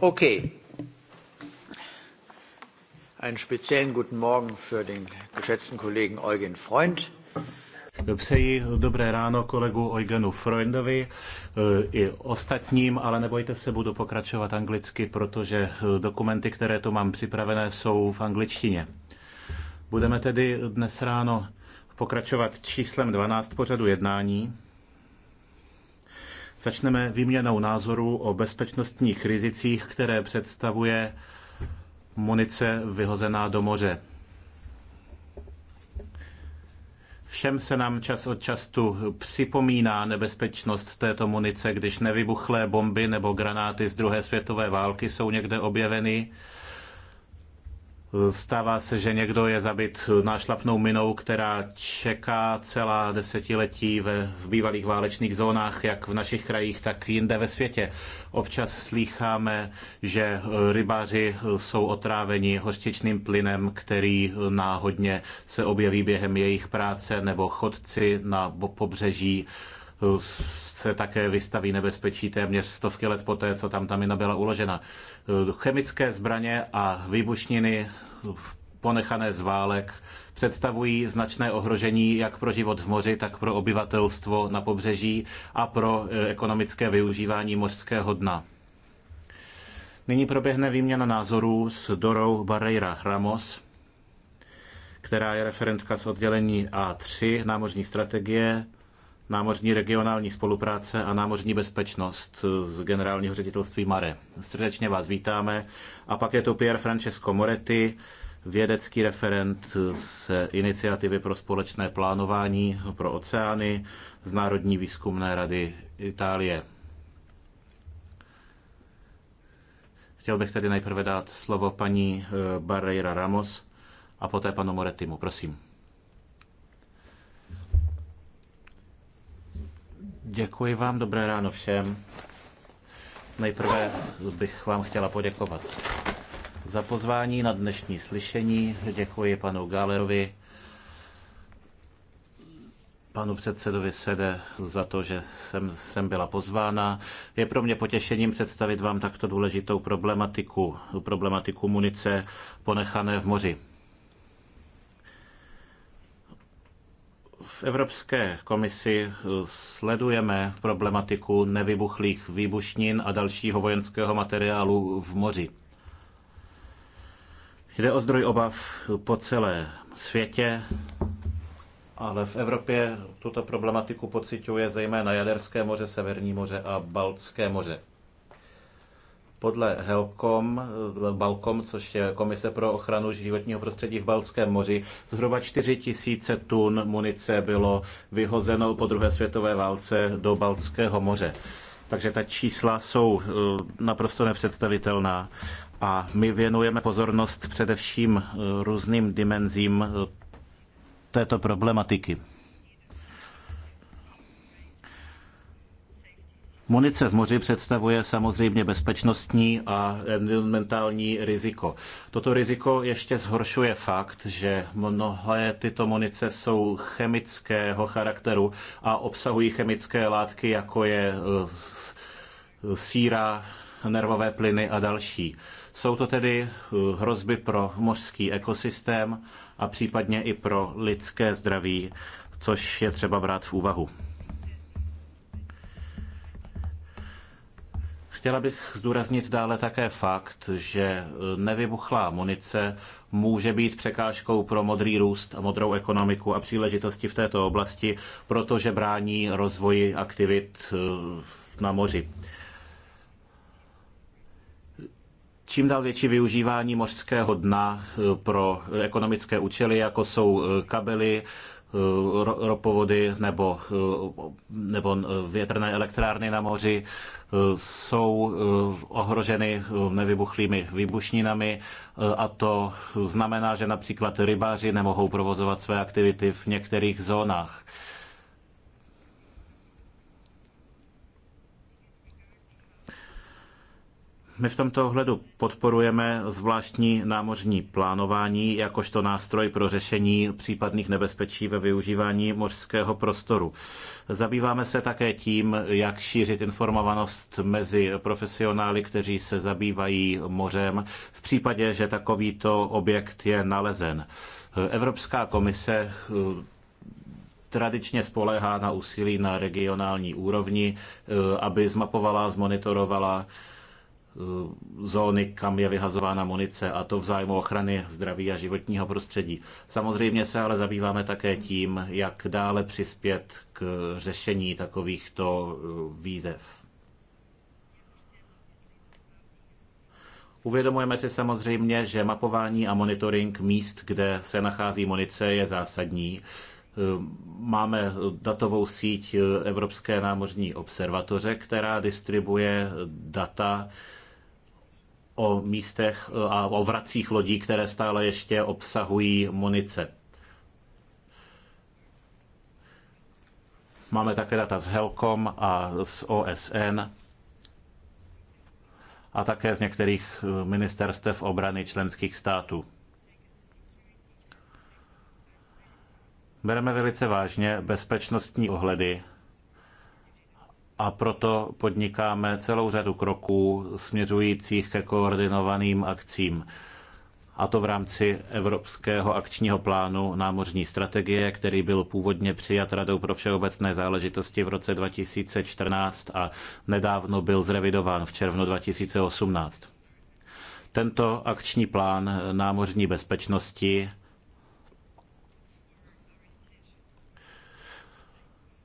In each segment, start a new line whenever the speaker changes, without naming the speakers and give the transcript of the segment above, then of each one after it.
Okay. Einen speziellen guten Morgen für den geschätzten Kollegen Eugen Freund.
Přeji dobré ráno kolegu Eugenu Freundovi eh, i ostatním, ale nebojte se, budu pokračovat anglicky, protože eh, dokumenty, které tu mám připravené, jsou v angličtině. Budeme tedy dnes ráno pokračovat číslem 12 pořadu jednání. Začneme výměnou názorů o bezpečnostních rizicích, které představuje munice vyhozená do moře. Všem se nám čas od času připomíná nebezpečnost této munice, když nevybuchlé bomby nebo granáty z druhé světové války jsou někde objeveny Stává se, že někdo je zabit nášlapnou minou, která čeká celá desetiletí ve, v bývalých válečných zónách, jak v našich krajích, tak jinde ve světě. Občas slýcháme, že rybáři jsou otráveni hořčičným plynem, který náhodně se objeví během jejich práce, nebo chodci na pobřeží se také vystaví nebezpečí téměř stovky let poté, co tam ta mina byla uložena. Chemické zbraně a výbušniny ponechané z válek představují značné ohrožení jak pro život v moři, tak pro obyvatelstvo na pobřeží a pro eh, ekonomické využívání mořského dna. Nyní proběhne výměna názorů s Dorou Barreira Ramos, která je referentka z oddělení A3 námořní strategie námořní regionální spolupráce a námořní bezpečnost z generálního ředitelství Mare. Srdečně vás vítáme. A pak je tu Pierre Francesco Moretti, vědecký referent z iniciativy pro společné plánování pro oceány z Národní výzkumné rady Itálie. Chtěl bych tedy nejprve dát slovo paní eh, Barreira Ramos a poté panu Moretimu. Prosím. Děkuji vám, dobré ráno všem. Nejprve bych vám chtěla poděkovat za pozvání na dnešní slyšení. Děkuji panu Galerovi, panu předsedovi Sede za to, že jsem, jsem byla pozvána. Je pro mě potěšením představit vám takto důležitou problematiku, problematiku munice ponechané v moři. V Evropské komisi eh, sledujeme problematiku nevybuchlých výbušnin a dalšího vojenského materiálu v moři. Jde o zdroj obav po celé světě, ale v Evropě tuto problematiku pociťuje zejména Jaderské moře, Severní moře a Baltské moře. Podle Helkom, eh, Balkom, což je Komise pro ochranu životního prostředí v Balském moři, zhruba 4 tisíce tun munice bylo vyhozeno po druhé světové válce do Balského moře. Takže ta čísla jsou eh, naprosto nepředstavitelná. A my věnujeme pozornost především eh, různým dimenzím této problematiky. Munice v moři představuje samozřejmě bezpečnostní a environmentální riziko. Toto riziko ještě zhoršuje fakt, že mnohé tyto munice jsou chemického charakteru a obsahují chemické látky, jako je eh, síra, nervové plyny a další. Jsou to tedy eh, hrozby pro mořský ekosystém a případně i pro lidské zdraví, což je třeba brát v úvahu. Chtěla bych zdůraznit dále také fakt, že eh, nevybuchlá munice může být překážkou pro modrý růst, modrou ekonomiku a příležitosti v této oblasti, protože brání rozvoji aktivit eh, na moři. čím dál větší využívání mořského dna eh, pro ekonomické účely, jako jsou kabely, Eh, ropovody nebo, eh, nebo větrné elektrárny na moři eh, jsou ohroženy nevybuchlými výbušninami a to znamená, že například rybáři nemohou provozovat své aktivity v některých zónách. My v tomto ohledu podporujeme zvláštní námořní plánování jakožto nástroj pro řešení případných nebezpečí ve využívání mořského prostoru. Zabýváme se také tím, jak šířit informovanost mezi profesionály, kteří se zabývají mořem, v případě, že takovýto objekt je nalezen. Evropská komise eh, tradičně spoléhá na úsilí na regionální úrovni, eh, aby zmapovala, zmonitorovala Eh, zóny, kam je vyhazována munice a to v zájmu ochrany zdraví a životního prostředí. Samozřejmě se ale zabýváme také tím, jak dále přispět k řešení takovýchto eh, výzev. Uvědomujeme si samozřejmě, že mapování a monitoring míst, kde se nachází munice, je zásadní. Eh, máme datovou síť Evropské námořní observatoře, která distribuje data o místech e, a o vracích lodí, které stále ještě obsahují munice. Máme také data z Helcom a z OSN a také z některých e, ministerstev obrany členských států. Bereme velice vážně bezpečnostní ohledy a proto podnikáme celou řadu kroků směřujících ke koordinovaným akcím. A to v rámci Evropského akčního plánu námořní strategie, který byl původně přijat Radou pro všeobecné záležitosti v roce 2014 a nedávno byl zrevidován v červnu 2018. Tento akční plán námořní bezpečnosti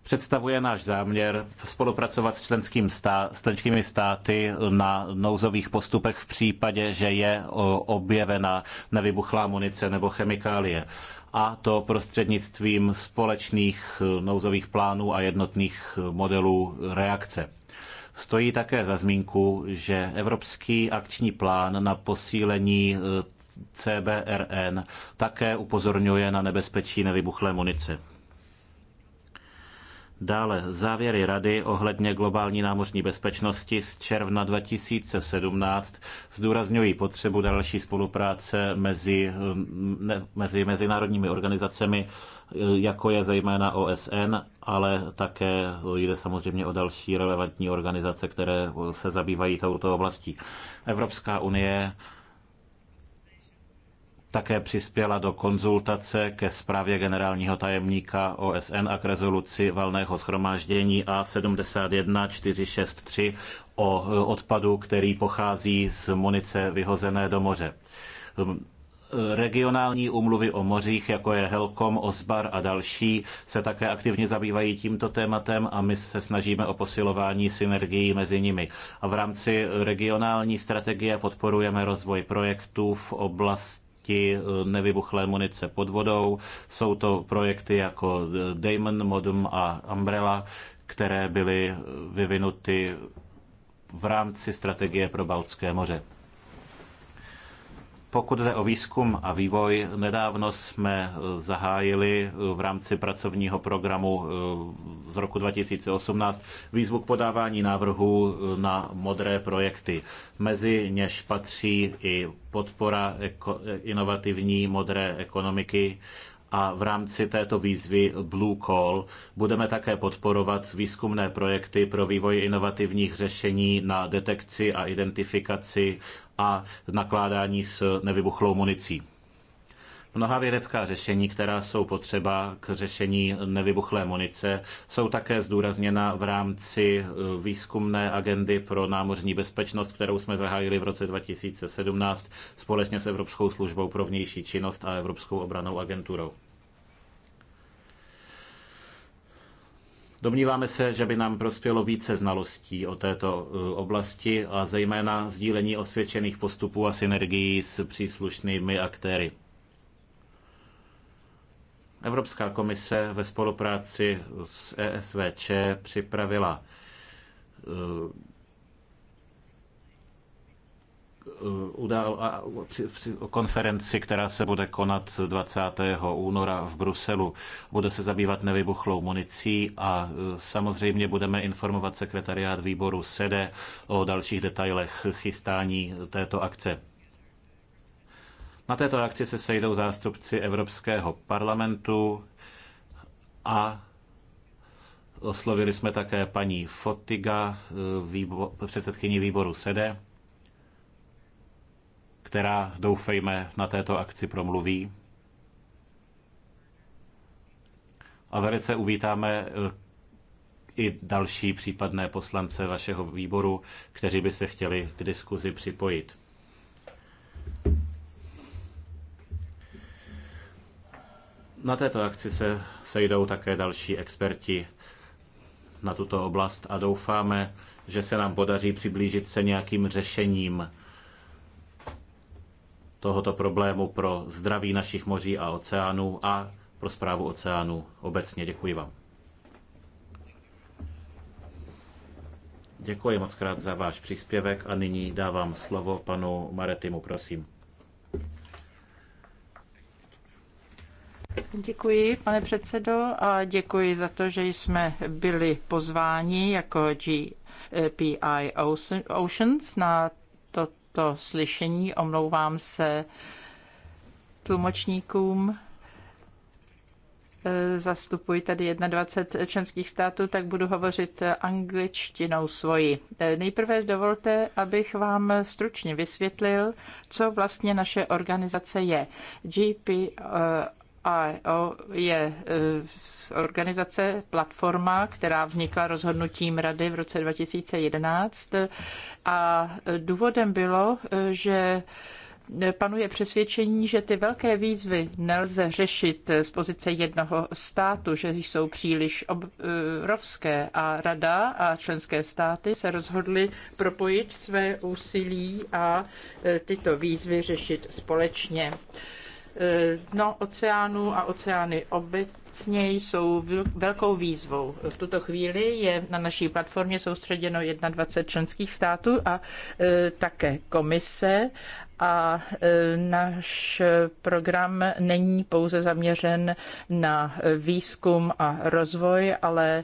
představuje náš záměr spolupracovat s, členským stá, s členskými státy na nouzových postupech v případě, že je objevena nevybuchlá munice nebo chemikálie a to prostřednictvím společných e, nouzových plánů a jednotných e, modelů reakce. Stojí také za zmínku, že Evropský akční plán na posílení e, CBRN také upozorňuje na nebezpečí nevybuchlé munice. Dále závěry rady ohledně globální námořní bezpečnosti z června 2017 zdůrazňují potřebu další spolupráce mezi, um, ne, mezi mezinárodními organizacemi, jako je zejména OSN, ale také jde samozřejmě o další relevantní organizace, které se zabývají touto oblastí. Evropská unie také přispěla do konzultace ke zprávě generálního tajemníka OSN a k rezoluci valného schromáždění A71463 o e, odpadu, který pochází z munice vyhozené do moře. Hm, regionální úmluvy o mořích, jako je Helkom, Osbar a další, se také aktivně zabývají tímto tématem a my se snažíme o posilování synergií mezi nimi. A v rámci regionální strategie podporujeme rozvoj projektů v oblasti proti eh, nevybuchlé munice pod vodou. Jsou to projekty jako eh, Damon, Modum a Umbrella, které byly eh, vyvinuty v rámci strategie pro Baltské moře. Pokud jde o výzkum a vývoj, nedávno jsme e, zahájili e, v rámci pracovního programu e, z roku 2018 výzvu k podávání návrhů na modré projekty. Mezi něž patří i podpora inovativní modré ekonomiky a v rámci této výzvy Blue Call budeme také podporovat výzkumné projekty pro vývoj inovativních řešení na detekci a identifikaci a nakládání s nevybuchlou municí. Mnoha vědecká řešení, která jsou potřeba k řešení nevybuchlé munice, jsou také zdůrazněna v rámci e, výzkumné agendy pro námořní bezpečnost, kterou jsme zahájili v roce 2017 společně s Evropskou službou pro vnější činnost a Evropskou obranou agenturou. Domníváme se, že by nám prospělo více znalostí o této uh, oblasti a zejména sdílení osvědčených postupů a synergií s příslušnými aktéry. Evropská komise ve spolupráci s ESVČ připravila uh, Eh, udál, a, při, při konferenci, která se bude konat 20. února v Bruselu. Bude se zabývat nevybuchlou municí a eh, samozřejmě budeme informovat sekretariát výboru SEDE o dalších detailech chystání této akce. Na této akci se sejdou zástupci Evropského parlamentu a oslovili jsme také paní Fotiga, eh, výbo, předsedkyni výboru SEDE která, doufejme, na této akci promluví. A velice uvítáme eh, i další případné poslance vašeho výboru, kteří by se chtěli k diskuzi připojit. Na této akci se sejdou také další experti na tuto oblast a doufáme, že se nám podaří přiblížit se nějakým řešením tohoto problému pro zdraví našich moří a oceánů a pro zprávu oceánů obecně. Děkuji vám. Děkuji moc krát za váš příspěvek a nyní dávám slovo panu Maretimu, prosím.
Děkuji, pane předsedo, a děkuji za to, že jsme byli pozváni jako GPI Oceans na to slyšení. Omlouvám se tlumočníkům. E, zastupuji tady 21 členských států, tak budu hovořit angličtinou svoji. E, nejprve dovolte, abych vám stručně vysvětlil, co vlastně naše organizace je. GP e, IO je e, organizace, platforma, která vznikla rozhodnutím Rady v roce 2011 a důvodem bylo, e, že panuje přesvědčení, že ty velké výzvy nelze řešit e, z pozice jednoho státu, že jsou příliš obrovské a rada a členské státy se rozhodly propojit své úsilí a tyto výzvy řešit společně. Eh, dno oceánu a oceány obecně jsou velkou výzvou. V tuto chvíli je na naší platformě soustředěno 21 členských států a eh, také komise a e, náš program není pouze zaměřen na výzkum a rozvoj, ale e,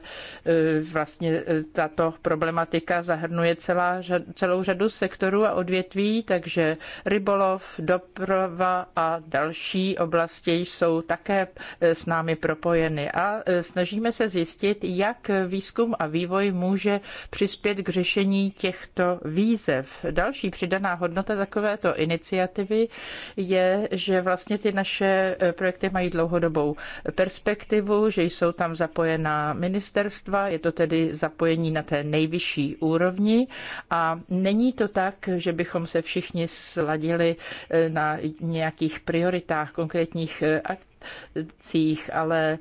vlastně e, tato problematika zahrnuje celá, celou řadu sektorů a odvětví, takže rybolov, doprava a další oblasti jsou také s námi propojeny a snažíme se zjistit, jak výzkum a vývoj může přispět k řešení těchto výzev. Další přidaná hodnota takovéto iniciativy, je, že vlastně ty naše eh, projekty mají dlouhodobou perspektivu, že jsou tam zapojená ministerstva, je to tedy zapojení na té nejvyšší úrovni a není to tak, že bychom se všichni sladili eh, na nějakých prioritách konkrétních aktivit, eh, výsledcích, ale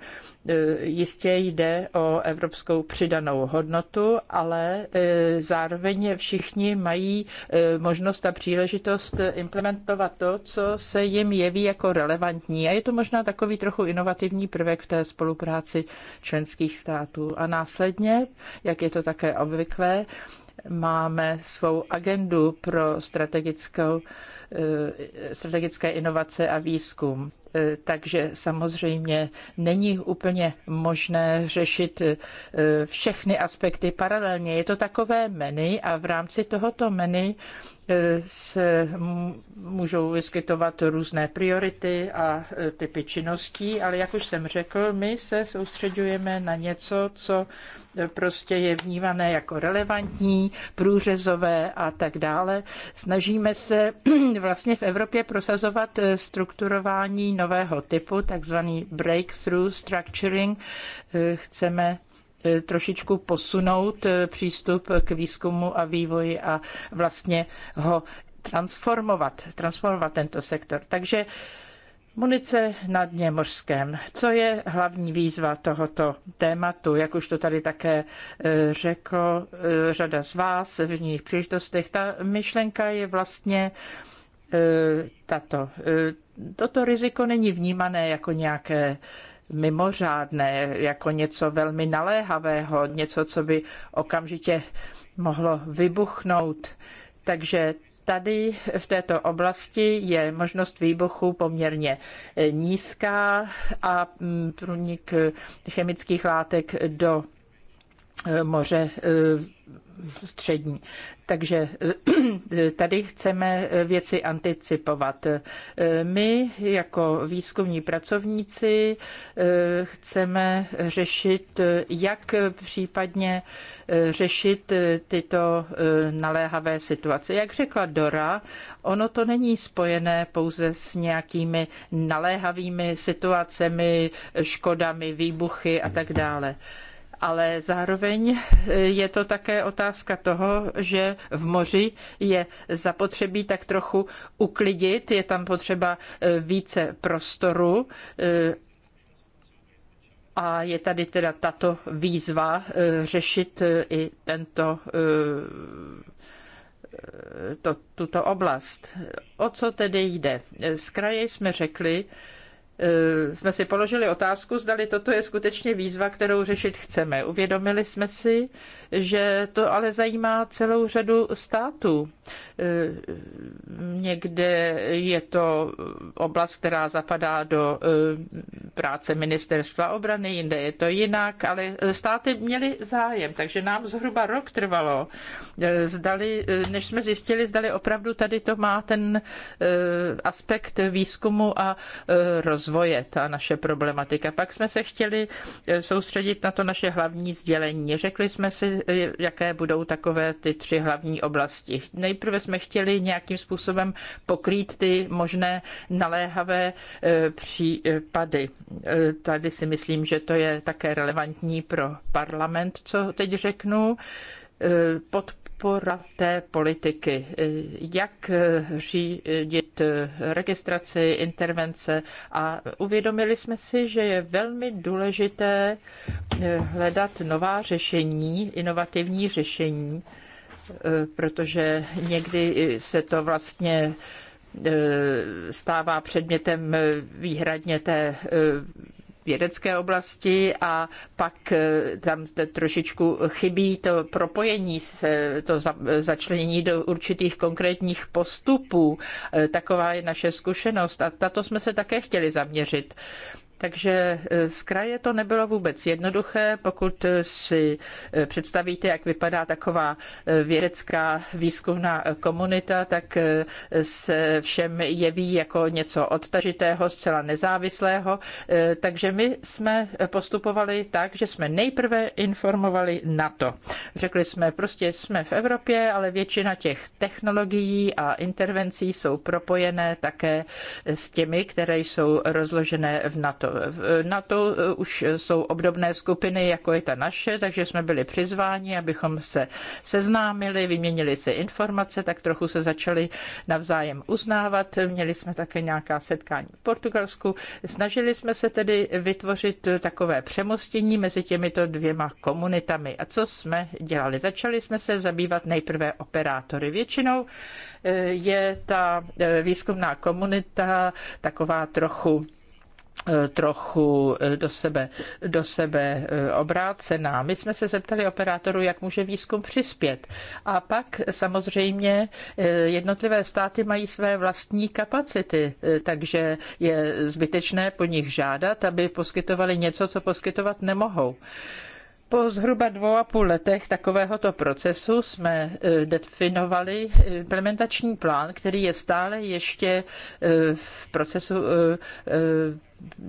e, jistě jde o evropskou přidanou hodnotu, ale e, zároveň všichni mají e, možnost a příležitost implementovat to, co se jim jeví jako relevantní. A je to možná takový trochu inovativní prvek v té spolupráci členských států. A následně, jak je to také obvyklé, máme svou agendu pro strategickou, strategické inovace a výzkum. Eh, takže samozřejmě není úplně možné řešit eh, všechny aspekty paralelně. Je to takové meny a v rámci tohoto meny eh, se můžou vyskytovat různé priority a typy činností, ale jak už jsem řekl, my se soustředujeme na něco, co prostě je vnívané jako relevantní, průřezové a tak dále. Snažíme se vlastně v Evropě prosazovat strukturování nového typu, takzvaný breakthrough structuring. Eh, chceme eh, trošičku posunout eh, přístup k výzkumu a vývoji a vlastně ho transformovat, transformovat tento sektor. Takže Munice na dně mořském. Co je hlavní výzva tohoto tématu? Jak už to tady také řekl řada z vás v jiných příležitostech, ta myšlenka je vlastně E, tato, e, toto riziko není vnímané jako nějaké mimořádné, jako něco velmi naléhavého, něco, co by okamžitě mohlo vybuchnout. Takže tady v této oblasti je možnost výbuchu poměrně e, nízká a mm, průnik chemických látek do moře střední. Takže eh, tady chceme eh, věci anticipovat. Eh, my jako výzkumní pracovníci chceme řešit, jak případně řešit tyto naléhavé situace. Jak řekla Dora, ono to není spojené pouze s nějakými naléhavými situacemi, škodami, výbuchy a tak dále ale zároveň je to také otázka toho, že v moři je zapotřebí tak trochu uklidit, je tam potřeba e, více prostoru e, a je tady teda tato výzva e, řešit i tento to, tuto oblast. O co tedy jde? Z kraje jsme řekli, Eh, jsme si položili otázku, zdali toto je skutečně výzva, kterou řešit chceme. Uvědomili jsme si, že to ale zajímá celou řadu států. Eh, někde je to oblast, která zapadá do eh, práce ministerstva obrany, jinde je to jinak, ale státy měly zájem, takže nám zhruba rok trvalo, zdali, než jsme zjistili, zdali opravdu tady to má ten aspekt výzkumu a rozvoje rozvoje, ta naše problematika. Pak jsme se chtěli eh, soustředit na to naše hlavní sdělení. Řekli jsme si, eh, jaké budou takové ty tři hlavní oblasti. Nejprve jsme chtěli nějakým způsobem pokrýt ty možné naléhavé eh, případy. Tady si myslím, že to je také relevantní pro parlament, co teď řeknu. Pod podpora té politiky, jak řídit registraci, intervence a uvědomili jsme si, že je velmi důležité hledat nová řešení, inovativní řešení, protože někdy se to vlastně eh, stává předmětem výhradně té eh, vědecké oblasti a pak eh, tam trošičku chybí to propojení, to začlenění do určitých konkrétních postupů. Eh, taková je naše zkušenost a tato jsme se také chtěli zaměřit. Takže eh, z kraje to nebylo vůbec jednoduché. Pokud eh, si eh, představíte, jak vypadá taková vědecká výzkumná komunita, tak se všem jeví jako něco odtažitého, zcela nezávislého. Takže my jsme postupovali tak, že jsme nejprve informovali NATO. Řekli jsme, prostě jsme v Evropě, ale většina těch technologií a intervencí jsou propojené také s těmi, které jsou rozložené v NATO. NATO. V NATO eh, už jsou obdobné skupiny, jako je ta naše, takže jsme byli přizváni, abychom se seznámili, vyměnili se informace, tak trochu se začali navzájem uznávat. Měli jsme také nějaká setkání v Portugalsku. Snažili jsme se tedy vytvořit takové přemostění mezi těmito dvěma komunitami. A co jsme dělali? Začali jsme se zabývat nejprve operátory. Většinou eh, je ta eh, výzkumná komunita taková trochu Eh, trochu eh, do sebe, do sebe eh, obrácená. My jsme se zeptali operátoru, jak může výzkum přispět. A pak samozřejmě jednotlivé státy mají své vlastní kapacity, takže je zbytečné po nich žádat, aby poskytovali něco, co poskytovat nemohou. Po zhruba dvou a půl letech takovéhoto procesu jsme definovali implementační plán, který je stále ještě v procesu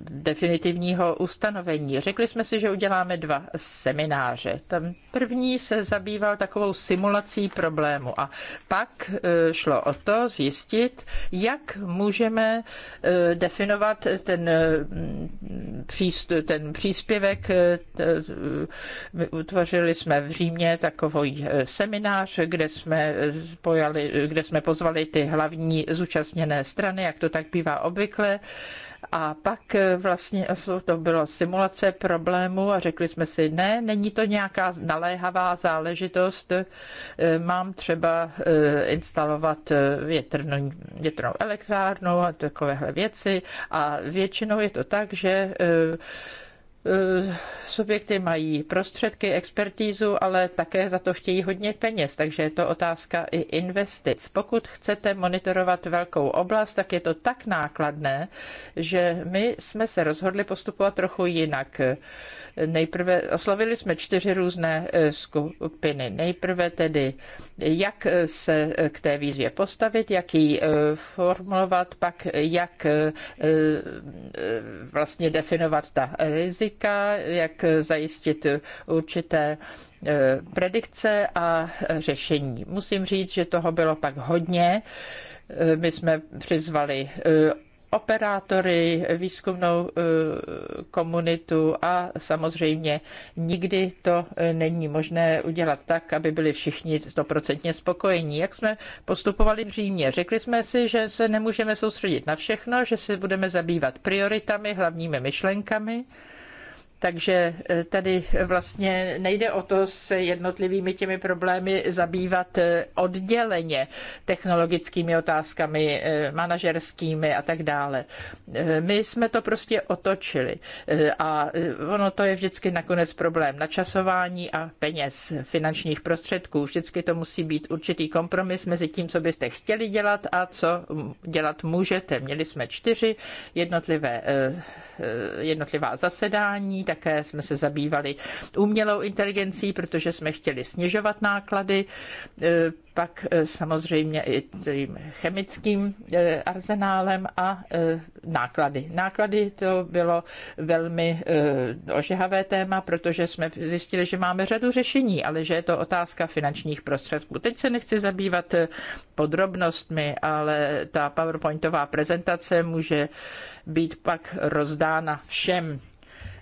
definitivního ustanovení. Řekli jsme si, že uděláme dva semináře. Tam první se zabýval takovou simulací problému a pak e, šlo o to zjistit, jak můžeme e, definovat ten, e, ten příspěvek. Utvořili jsme v Římě takový seminář, kde jsme, spojali, kde jsme pozvali ty hlavní zúčastněné strany, jak to tak bývá obvykle. A pak eh, vlastně eh, to bylo simulace problému a řekli jsme si, ne, není to nějaká naléhavá záležitost, eh, mám třeba instalovat větrnou, větrnou elektrárnu a takovéhle věci a většinou je to tak, že Eh, subjekty mají prostředky, expertízu, ale také za to chtějí hodně peněz, takže je to otázka i investic. Pokud chcete monitorovat velkou oblast, tak je to tak nákladné, že my jsme se rozhodli postupovat trochu jinak. Nejprve oslovili jsme čtyři různé eh, skupiny. Nejprve tedy, jak eh, se eh, k té výzvě postavit, jak ji formulovat, pak jak vlastně definovat ta rizika, jak zajistit určité predikce a řešení. Musím říct, že toho bylo pak hodně. My jsme přizvali operátory, výzkumnou eh, komunitu a samozřejmě nikdy to eh, není možné udělat tak, aby byli všichni stoprocentně spokojení. Jak jsme postupovali v Římě? Řekli jsme si, že se nemůžeme soustředit na všechno, že se budeme zabývat prioritami, hlavními myšlenkami, takže eh, tady vlastně nejde o to s jednotlivými těmi problémy zabývat eh, odděleně technologickými otázkami, eh, manažerskými a tak dále. My jsme to prostě otočili a ono to je vždycky nakonec problém načasování a peněz, finančních prostředků. Vždycky to musí být určitý kompromis mezi tím, co byste chtěli dělat a co dělat můžete. Měli jsme čtyři jednotlivé, jednotlivá zasedání, také jsme se zabývali umělou inteligencí, protože jsme chtěli snižovat náklady, e, pak e, samozřejmě i tím chemickým e, arzenálem a náklady. Náklady to bylo velmi ožehavé téma, protože jsme zjistili, že máme řadu řešení, ale že je to otázka finančních prostředků. Teď se nechci zabývat podrobnostmi, ale ta PowerPointová prezentace může být pak rozdána všem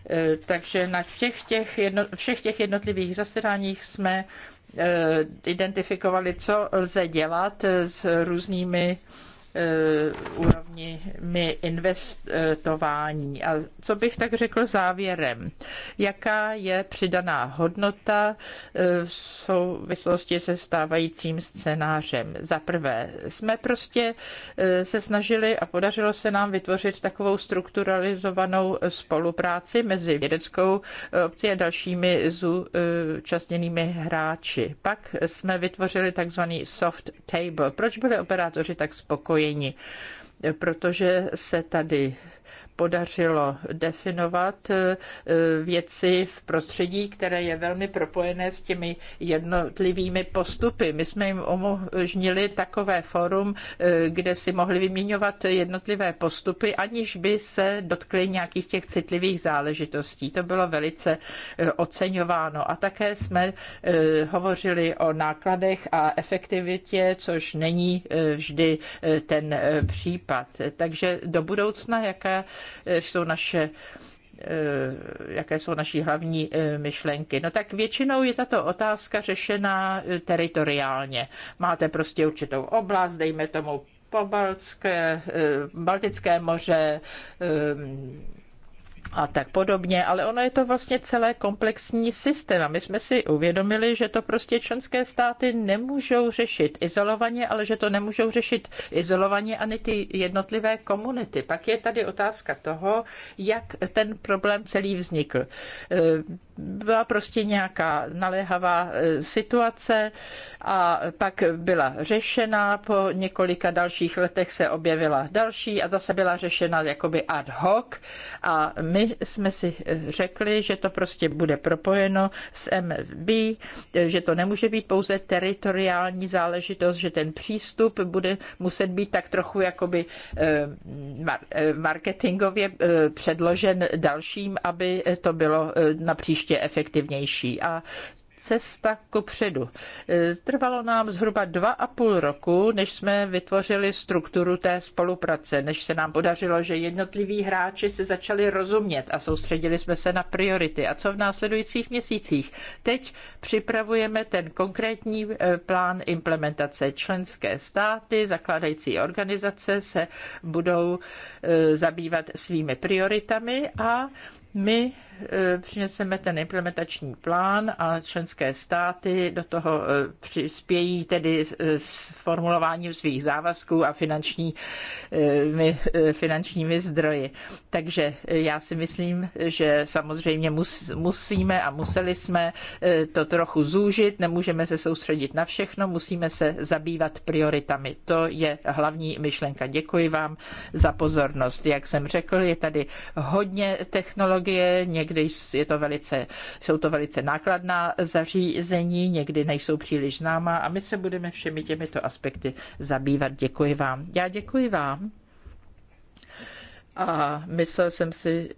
Eh, takže na všech těch, jedno, všech těch jednotlivých zasedáních jsme eh, identifikovali, co lze dělat eh, s různými Eh, úrovněmi investování. A co bych tak řekl závěrem? Jaká je přidaná hodnota eh, v souvislosti se stávajícím scénářem? Za prvé, jsme prostě eh, se snažili a podařilo se nám vytvořit takovou strukturalizovanou spolupráci mezi vědeckou obcí a dalšími zúčastněnými hráči. Pak jsme vytvořili takzvaný soft table. Proč byli operátoři tak spokojeni? spojeni, protože se tady podařilo definovat eh, věci v prostředí, které je velmi propojené s těmi jednotlivými postupy. My jsme jim umožnili takové forum, eh, kde si mohli vyměňovat jednotlivé postupy, aniž by se dotkli nějakých těch citlivých záležitostí. To bylo velice eh, oceňováno. A také jsme hovořili o nákladech a efektivitě, což není vždy ten případ. Takže do budoucna, jaké Eh, jsou naše eh, jaké jsou naší hlavní eh, myšlenky. No tak většinou je tato otázka řešena teritoriálně. Máte prostě určitou oblast, dejme tomu po baltské, Baltické moře, a tak podobně, ale ono je to vlastně celé komplexní systém a my jsme si uvědomili, že to prostě členské státy nemůžou řešit izolovaně, ale že to nemůžou řešit izolovaně ani ty jednotlivé komunity. Pak je tady otázka toho, jak ten problém celý vznikl. Eh, byla prostě nějaká naléhavá eh, situace a pak byla řešena, po několika dalších letech se objevila další a zase byla řešena jakoby ad hoc a my jsme si eh, řekli, že to prostě bude propojeno s MFB, eh, že to nemůže být pouze teritoriální záležitost, že ten přístup bude muset být tak trochu jakoby eh, marketingově předložen dalším, aby to bylo na příště efektivnější. A cesta kopředu e, Trvalo nám zhruba dva a půl roku, než jsme vytvořili strukturu té spolupráce, než se nám podařilo, že jednotliví hráči se začali rozumět a soustředili jsme se na priority. A co v následujících měsících? Teď připravujeme ten konkrétní e, plán implementace. Členské státy, zakládající organizace se budou e, zabývat svými prioritami a my Eh, přineseme ten implementační plán a členské státy do toho eh, přispějí tedy eh, s formulováním svých závazků a finančními, finančními zdroji. Takže já si myslím, že samozřejmě musíme a museli jsme to trochu zúžit, nemůžeme se soustředit na všechno, musíme se zabývat prioritami. To je hlavní myšlenka. Děkuji vám za pozornost. Jak jsem řekl, je tady hodně technologie, Někdy je to velice, jsou to velice nákladná zařízení, někdy nejsou příliš známá a my se budeme všemi těmito aspekty zabývat. Děkuji vám. Já děkuji vám. A myslel jsem si,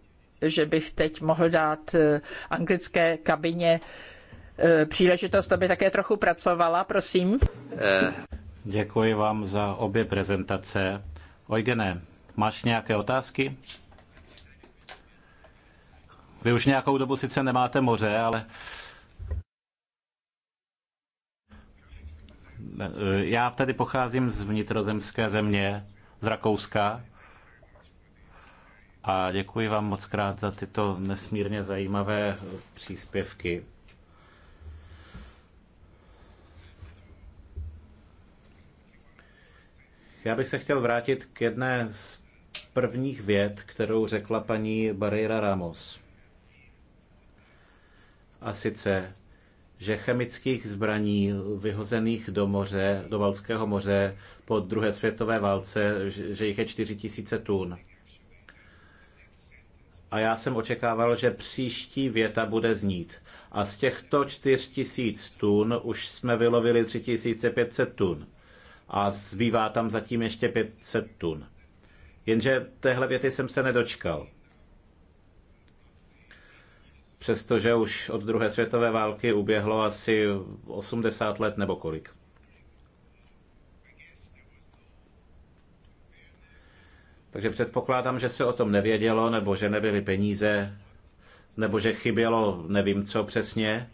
že bych teď mohl dát eh, anglické kabině eh, příležitost, aby také trochu pracovala, prosím. Eh.
Děkuji vám za obě prezentace. Eugene, máš nějaké otázky? Vy už nějakou dobu sice nemáte moře, ale já tady pocházím z vnitrozemské země, z Rakouska. A děkuji vám moc krát za tyto nesmírně zajímavé příspěvky. Já bych se chtěl vrátit k jedné z prvních věd, kterou řekla paní Barreira Ramos. A sice, že chemických zbraní vyhozených do moře, do valského moře po druhé světové válce, že jich je 4000 tun. A já jsem očekával, že příští věta bude znít. A z těchto 4000 tun už jsme vylovili 3500 tun. A zbývá tam zatím ještě 500 tun. Jenže téhle věty jsem se nedočkal přestože už od druhé světové války uběhlo asi 80 let nebo kolik. Takže předpokládám, že se o tom nevědělo, nebo že nebyly peníze, nebo že chybělo nevím co přesně.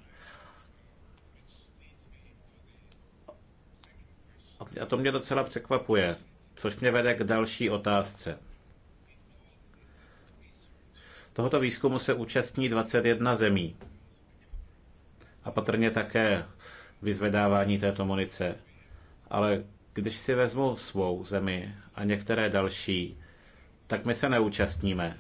A to mě docela překvapuje, což mě vede k další otázce. Tohoto výzkumu se účastní 21 zemí a patrně také vyzvedávání této munice. Ale když si vezmu svou zemi a některé další, tak my se neúčastníme.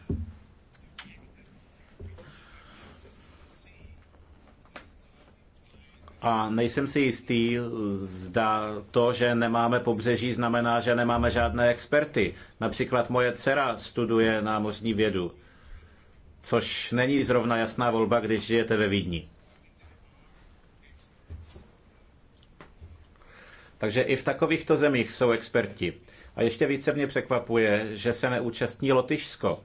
A nejsem si jistý, zda to, že nemáme pobřeží, znamená, že nemáme žádné experty. Například moje dcera studuje námořní vědu což není zrovna jasná volba, když žijete ve Vídni. Takže i v takovýchto zemích jsou experti. A ještě více mě překvapuje, že se neúčastní Lotyšsko,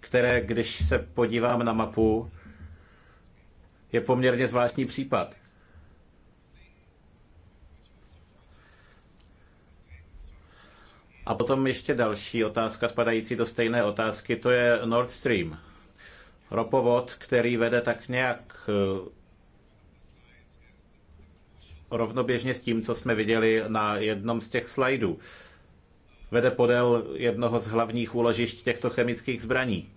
které, když se podívám na mapu, je poměrně zvláštní případ. A potom ještě další otázka spadající do stejné otázky, to je Nord Stream. Ropovod, který vede tak nějak eh, rovnoběžně s tím, co jsme viděli na jednom z těch slajdů. Vede podél jednoho z hlavních úložišť těchto chemických zbraní.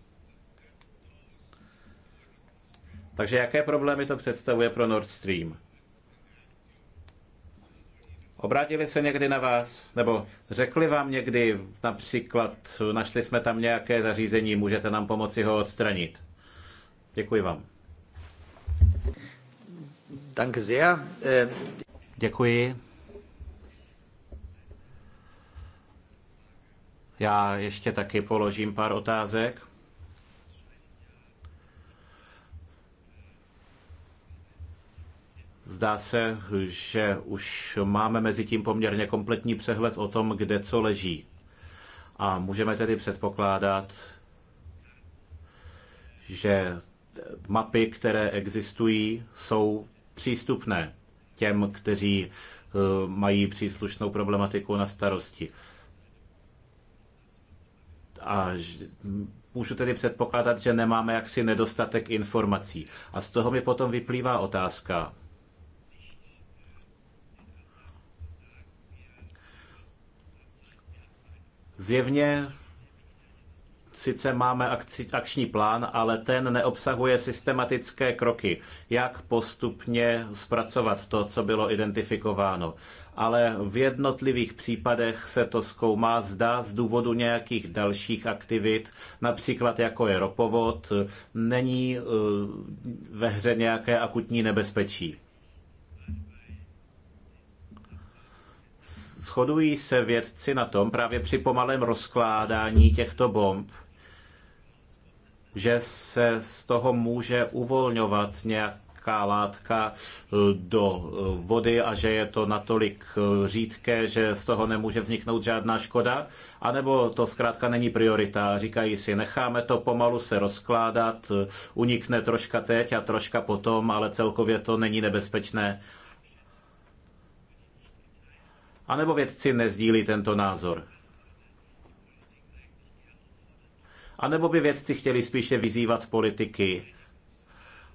Takže jaké problémy to představuje pro Nord Stream? Obrátili se někdy na vás, nebo řekli vám někdy, například našli jsme tam nějaké zařízení, můžete nám pomoci ho odstranit? Děkuji vám. Eh, Děkuji. Já ještě taky položím pár otázek. Zdá se, že už máme mezi tím poměrně kompletní přehled o tom, kde co leží. A můžeme tedy předpokládat, že mapy, které existují, jsou přístupné těm, kteří eh, mají příslušnou problematiku na starosti. A můžu tedy předpokládat, že nemáme jaksi nedostatek informací. A z toho mi potom vyplývá otázka, Zjevně sice máme akci, akční plán, ale ten neobsahuje systematické kroky, jak postupně zpracovat to, co bylo identifikováno. Ale v jednotlivých případech se to zkoumá, zda z důvodu nějakých dalších aktivit, například jako je ropovod, není eh, ve hře nějaké akutní nebezpečí. Shodují se vědci na tom právě při pomalém rozkládání těchto bomb, že se z toho může uvolňovat nějaká látka eh, do eh, vody a že je to natolik eh, řídké, že z toho nemůže vzniknout žádná škoda, anebo to zkrátka není priorita. Říkají si, necháme to pomalu se rozkládat, unikne troška teď a troška potom, ale celkově to není nebezpečné anebo vědci nezdílí tento názor? A nebo by vědci chtěli spíše vyzývat politiky,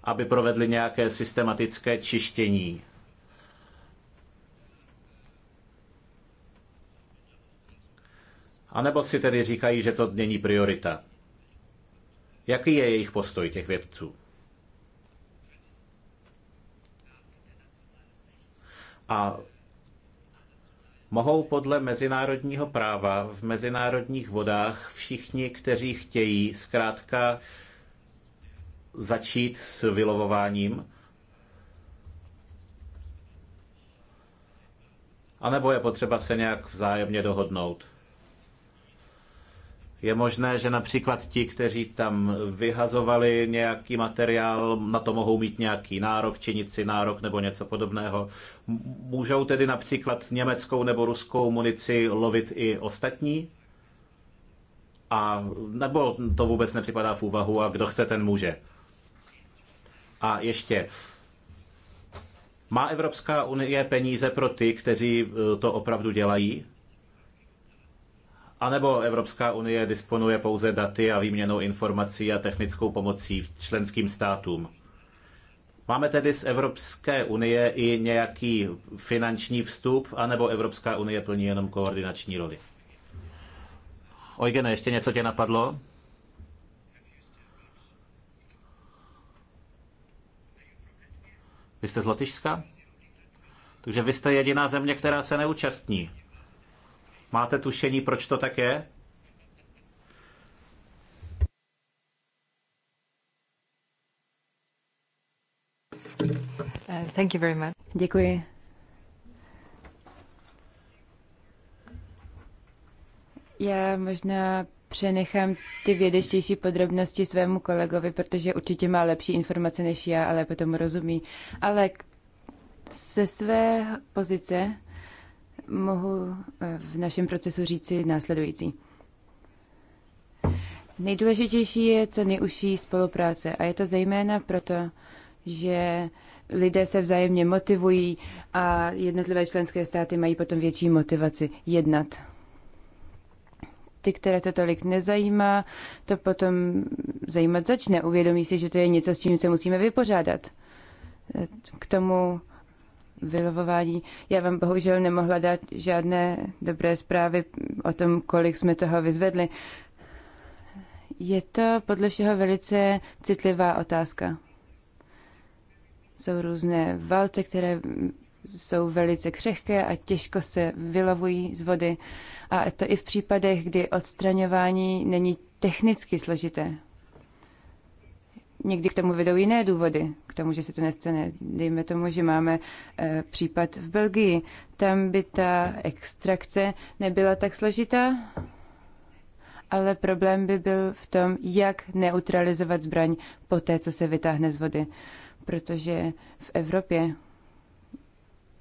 aby provedli nějaké systematické čištění? A nebo si tedy říkají, že to není priorita? Jaký je jejich postoj těch vědců? A mohou podle mezinárodního práva v mezinárodních vodách všichni, kteří chtějí, zkrátka začít s vylovováním, nebo je potřeba se nějak vzájemně dohodnout. Je možné, že například ti, kteří tam vyhazovali nějaký materiál, na to mohou mít nějaký nárok, činit si nárok nebo něco podobného. Můžou tedy například německou nebo ruskou munici lovit i ostatní? A nebo to vůbec nepřipadá v úvahu a kdo chce, ten může. A ještě, má Evropská unie peníze pro ty, kteří e, to opravdu dělají? anebo Evropská unie disponuje pouze daty a výměnou informací a technickou pomocí v členským státům. Máme tedy z Evropské unie i nějaký finanční vstup, anebo Evropská unie plní jenom koordinační roli? Eugene, ještě něco tě napadlo? Vy jste z Lotyšska? Takže vy jste jediná země, která se neúčastní. Máte tušení, proč to tak je?
Uh, thank you very much. Děkuji. Já možná přenechám ty vědečtější podrobnosti svému kolegovi, protože určitě má lepší informace než já, ale potom rozumí. Ale ze své pozice mohu eh, v našem procesu říci následující. Nejdůležitější je co nejužší spolupráce a je to zejména proto, že lidé se vzájemně motivují a jednotlivé členské státy mají potom větší motivaci jednat. Ty, které to tolik nezajímá, to potom zajímat začne. Uvědomí si, že to je něco, s čím se musíme vypořádat. K tomu vylovování. Já vám bohužel nemohla dát žádné dobré zprávy o tom, kolik jsme toho vyzvedli. Je to podle všeho velice citlivá otázka. Jsou různé valce, které jsou velice křehké a těžko se vylovují z vody. A to i v případech, kdy odstraňování není technicky složité. Někdy k tomu vedou jiné důvody, k tomu, že se to nestane. Dejme tomu, že máme e, případ v Belgii. Tam by ta extrakce nebyla tak složitá, ale problém by byl v tom, jak neutralizovat zbraň po té, co se vytáhne z vody. Protože v Evropě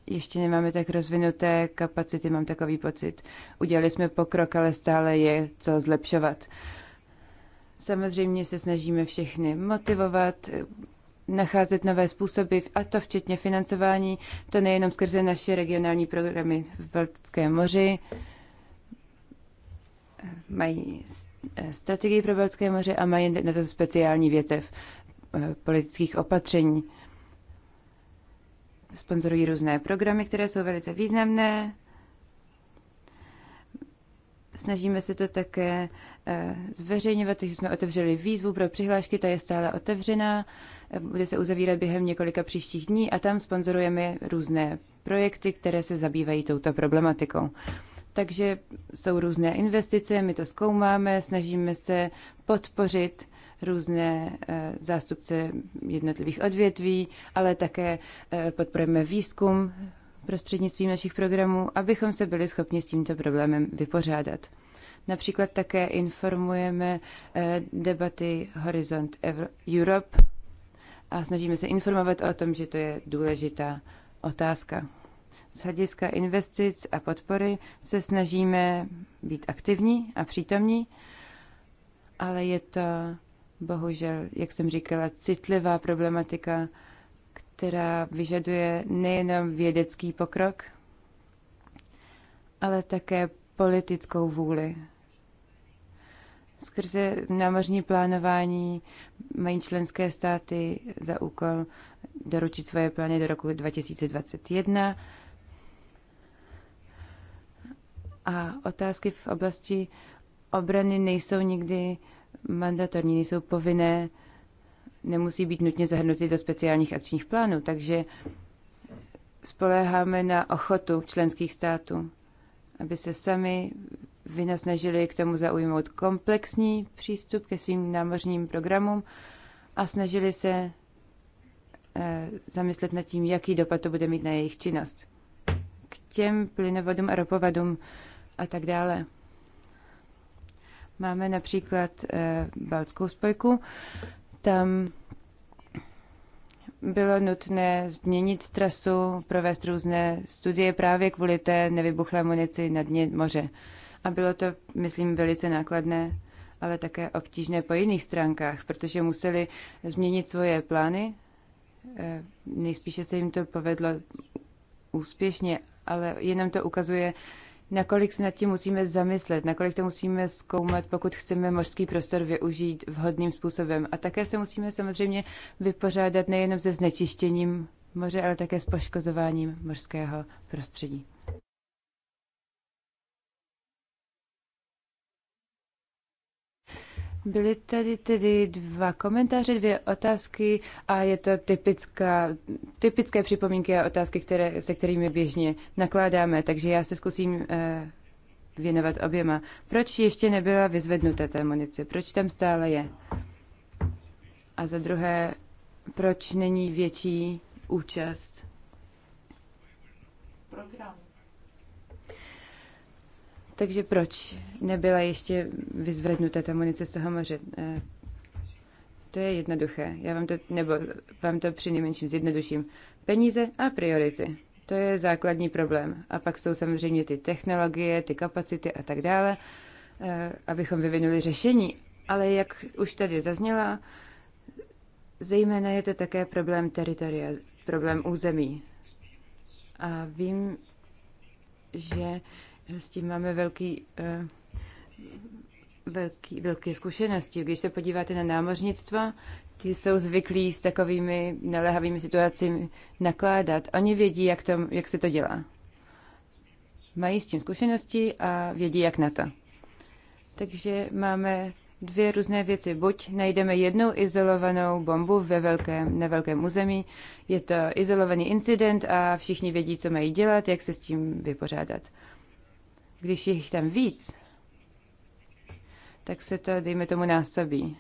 ještě nemáme tak rozvinuté kapacity, mám takový pocit. Udělali jsme pokrok, ale stále je co zlepšovat. Samozřejmě se snažíme všechny motivovat, nacházet nové způsoby, a to včetně financování, to nejenom skrze naše regionální programy v Baltském moři, mají strategii pro Baltské moře a mají na to speciální větev eh, politických opatření. Sponzorují různé programy, které jsou velice významné, Snažíme se to také eh, zveřejňovat, takže jsme otevřeli výzvu pro přihlášky, ta je stále otevřená, eh, bude se uzavírat během několika příštích dní a tam sponzorujeme různé projekty, které se zabývají touto problematikou. Takže jsou různé investice, my to zkoumáme, snažíme se podpořit různé eh, zástupce jednotlivých odvětví, ale také podporujeme výzkum prostřednictvím našich programů, abychom se byli schopni s tímto problémem vypořádat. Například také informujeme eh, debaty Horizont Europe a snažíme se informovat o tom, že to je důležitá otázka. Z hlediska investic a podpory se snažíme být aktivní a přítomní, ale je to bohužel, jak jsem říkala, citlivá problematika, která vyžaduje nejenom vědecký pokrok, ale také politickou vůli. Skrze námořní plánování mají členské státy za úkol doručit svoje plány do roku 2021 a otázky v oblasti obrany nejsou nikdy mandatorní, nejsou povinné nemusí být nutně zahrnuty do speciálních akčních plánů, takže spoléháme na ochotu členských států, aby se sami vynasnažili k tomu zaujmout komplexní přístup ke svým námořním programům a snažili se eh, zamyslet nad tím, jaký dopad to bude mít na jejich činnost. K těm plynovodům a ropovodům a tak dále. Máme například e, eh, Balckou spojku tam bylo nutné změnit trasu, provést různé studie právě kvůli té nevybuchlé munici na dně moře. A bylo to, myslím, velice nákladné, ale také obtížné po jiných stránkách, protože museli změnit svoje plány. Eh, nejspíše se jim to povedlo úspěšně, ale jenom to ukazuje, nakolik se nad tím musíme zamyslet, nakolik to musíme zkoumat, pokud chceme mořský prostor využít vhodným způsobem. A také se musíme samozřejmě vypořádat nejenom se znečištěním moře, ale také s poškozováním mořského prostředí. Byly tady tedy dva komentáře, dvě otázky a je to typická, typické připomínky a otázky, které, se kterými běžně nakládáme, takže já se zkusím eh, věnovat oběma. Proč ještě nebyla vyzvednuta ta munice? Proč tam stále je? A za druhé, proč není větší účast? Program. Takže proč nebyla ještě vyzvednuta ta munice z toho moře? Eh, to je jednoduché. Já vám to, nebo vám to při nejmenším zjednoduším. Peníze a priority. To je základní problém. A pak jsou samozřejmě ty technologie, ty kapacity a tak dále, eh, abychom vyvinuli řešení. Ale jak už tady zazněla, zejména je to také problém teritoria, problém území. A vím, že s tím máme velký, eh, velký, velké zkušenosti. Když se podíváte na námořnictva, ti jsou zvyklí s takovými nelehavými situacemi nakládat. Oni vědí, jak, to, jak se to dělá. Mají s tím zkušenosti a vědí, jak na to. Takže máme dvě různé věci. Buď najdeme jednu izolovanou bombu ve velkém, na velkém území, je to izolovaný incident a všichni vědí, co mají dělat, jak se s tím vypořádat když je jich tam víc, tak se to, dejme tomu, násobí.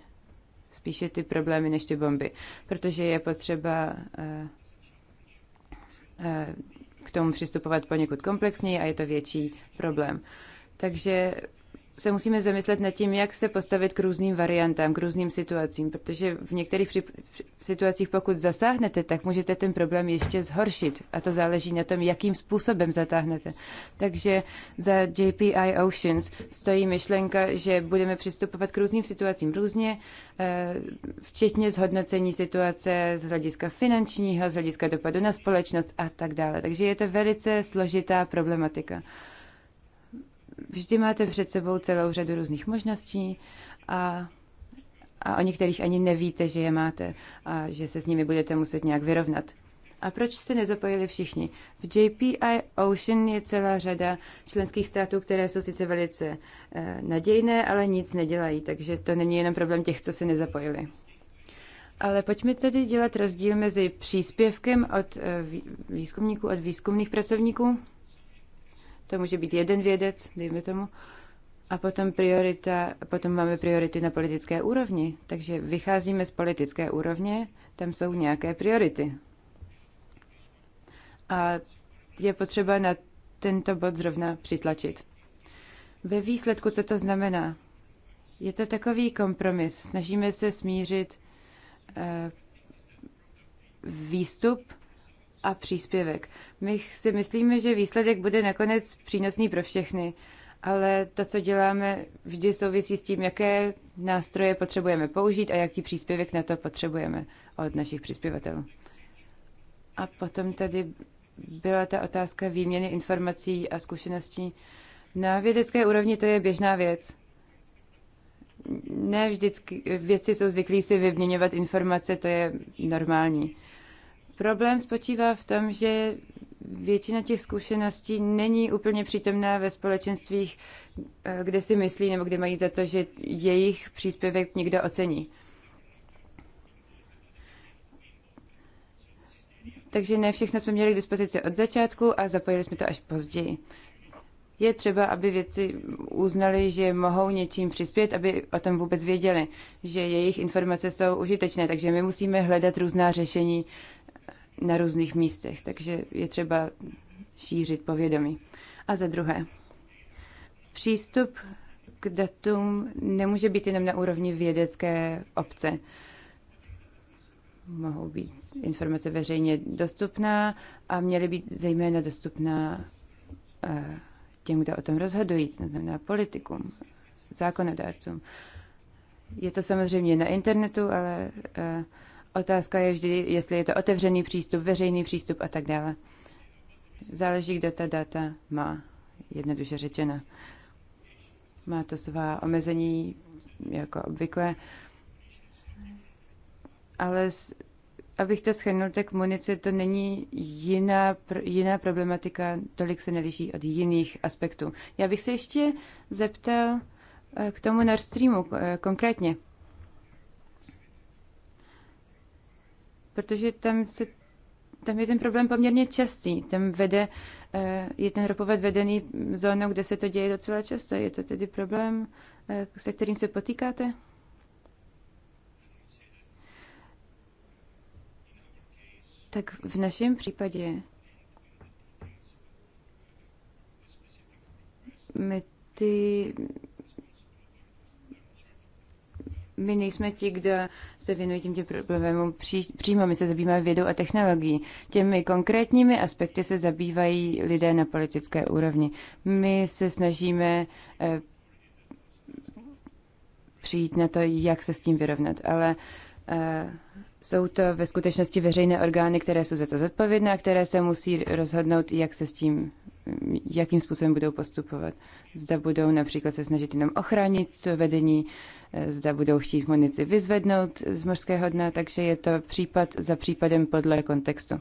Spíše ty problémy než ty bomby. Protože je potřeba eh, eh, k tomu přistupovat poněkud komplexněji a je to větší problém. Takže se musíme zamyslet nad tím, jak se postavit k různým variantám, k různým situacím, protože v některých při, v situacích, pokud zasáhnete, tak můžete ten problém ještě zhoršit a to záleží na tom, jakým způsobem zatáhnete. Takže za JPI Oceans stojí myšlenka, že budeme přistupovat k různým situacím různě, eh, včetně zhodnocení situace z hlediska finančního, z hlediska dopadu na společnost a tak dále. Takže je to velice složitá problematika. Vždy máte před sebou celou řadu různých možností a, a o některých ani nevíte, že je máte a že se s nimi budete muset nějak vyrovnat. A proč se nezapojili všichni? V JPI Ocean je celá řada členských států, které jsou sice velice eh, nadějné, ale nic nedělají, takže to není jenom problém těch, co se nezapojili. Ale pojďme tedy dělat rozdíl mezi příspěvkem od eh, výzkumníků, od výzkumných pracovníků to může být jeden vědec, dejme tomu. A potom, priorita, potom máme priority na politické úrovni. Takže vycházíme z politické úrovně, tam jsou nějaké priority. A je potřeba na tento bod zrovna přitlačit. Ve výsledku, co to znamená? Je to takový kompromis. Snažíme se smířit eh, výstup a příspěvek. My si myslíme, že výsledek bude nakonec přínosný pro všechny, ale to, co děláme, vždy souvisí s tím, jaké nástroje potřebujeme použít a jaký příspěvek na to potřebujeme od našich přispěvatelů. A potom tady byla ta otázka výměny informací a zkušeností. Na vědecké úrovni to je běžná věc. Ne vždycky věci jsou zvyklí si vyměňovat informace, to je normální. Problém spočívá v tom, že většina těch zkušeností není úplně přítomná ve společenstvích, eh, kde si myslí nebo kde mají za to, že jejich příspěvek někdo ocení. Takže ne všechno jsme měli k dispozici od začátku a zapojili jsme to až později. Je třeba, aby věci uznali, že mohou něčím přispět, aby o tom vůbec věděli, že jejich informace jsou užitečné. Takže my musíme hledat různá řešení na různých místech, takže je třeba šířit povědomí. A za druhé, přístup k datům nemůže být jenom na úrovni vědecké obce. Mohou být informace veřejně dostupná a měly být zejména dostupná eh, těm, kdo o tom rozhodují, to znamená politikům, zákonodárcům. Je to samozřejmě na internetu, ale eh, Otázka je vždy, jestli je to otevřený přístup, veřejný přístup a tak dále. Záleží, kdo ta data má, jednoduše řečeno. Má to svá omezení, jako obvykle. Ale abych to schrnul, tak munice to není jiná, jiná problematika, tolik se neliší od jiných aspektů. Já bych se ještě zeptal eh, k tomu Nord Streamu eh, konkrétně. protože tam, se, tam je ten problém poměrně častý. Tam vede, eh, je ten ropovat vedený zónou, kde se to děje docela často. Je to tedy problém, eh, se kterým se potýkáte? Tak v našem případě my ty my nejsme ti, kdo se věnují těm problémům pří, přímo, my se zabýváme vědou a technologií. Těmi konkrétními aspekty se zabývají lidé na politické úrovni. My se snažíme eh, přijít na to, jak se s tím vyrovnat, ale eh, jsou to ve skutečnosti veřejné orgány, které jsou za to zodpovědné a které se musí rozhodnout, jak se s tím, jakým způsobem budou postupovat. Zda budou například se snažit jenom ochránit to vedení zda budou chtít munici vyzvednout z mořského dna, takže je to případ za případem podle kontextu.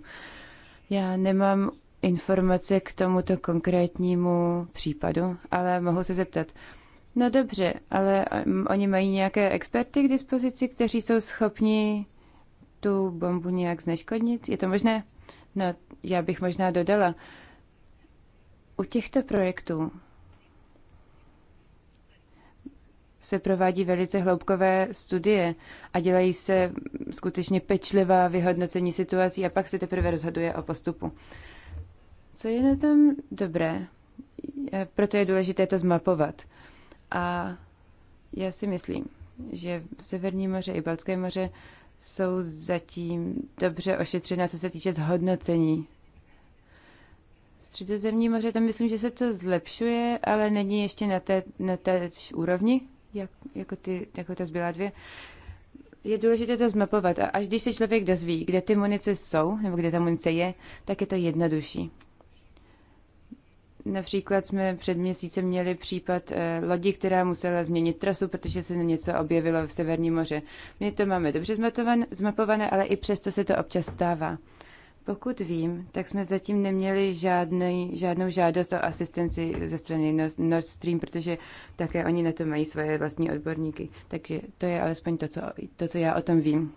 Já nemám informace k tomuto konkrétnímu případu, ale mohu se zeptat. No dobře, ale um, oni mají nějaké experty k dispozici, kteří jsou schopni tu bombu nějak zneškodnit? Je to možné? No, já bych možná dodala. U těchto projektů se provádí velice hloubkové studie a dělají se skutečně pečlivá vyhodnocení situací a pak se teprve rozhoduje o postupu. Co je na tom dobré? Proto je důležité to zmapovat. A já si myslím, že v Severní moře i Balské moře jsou zatím dobře ošetřena, co se týče zhodnocení. Středozemní moře, tam myslím, že se to zlepšuje, ale není ještě na té, na té úrovni jak, jako, ty, jako ta zbylá dvě, je důležité to zmapovat. A až když se člověk dozví, kde ty munice jsou, nebo kde ta munice je, tak je to jednodušší. Například jsme před měsícem měli případ eh, lodi, která musela změnit trasu, protože se něco objevilo v Severním moře. My to máme dobře zmapované, ale i přesto se to občas stává. Pokud vím, tak jsme zatím neměli žádný, žádnou žádost o asistenci ze strany Nord Stream, protože také oni na to mají svoje vlastní odborníky. Takže to je alespoň to, co, to, co já o tom vím.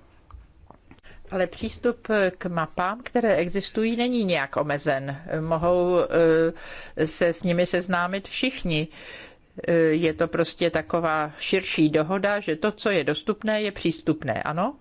Ale přístup k mapám, které existují, není nějak omezen.
Mohou eh, se s nimi seznámit všichni eh, je to prostě taková širší dohoda, že to, co je dostupné, je přístupné, ano?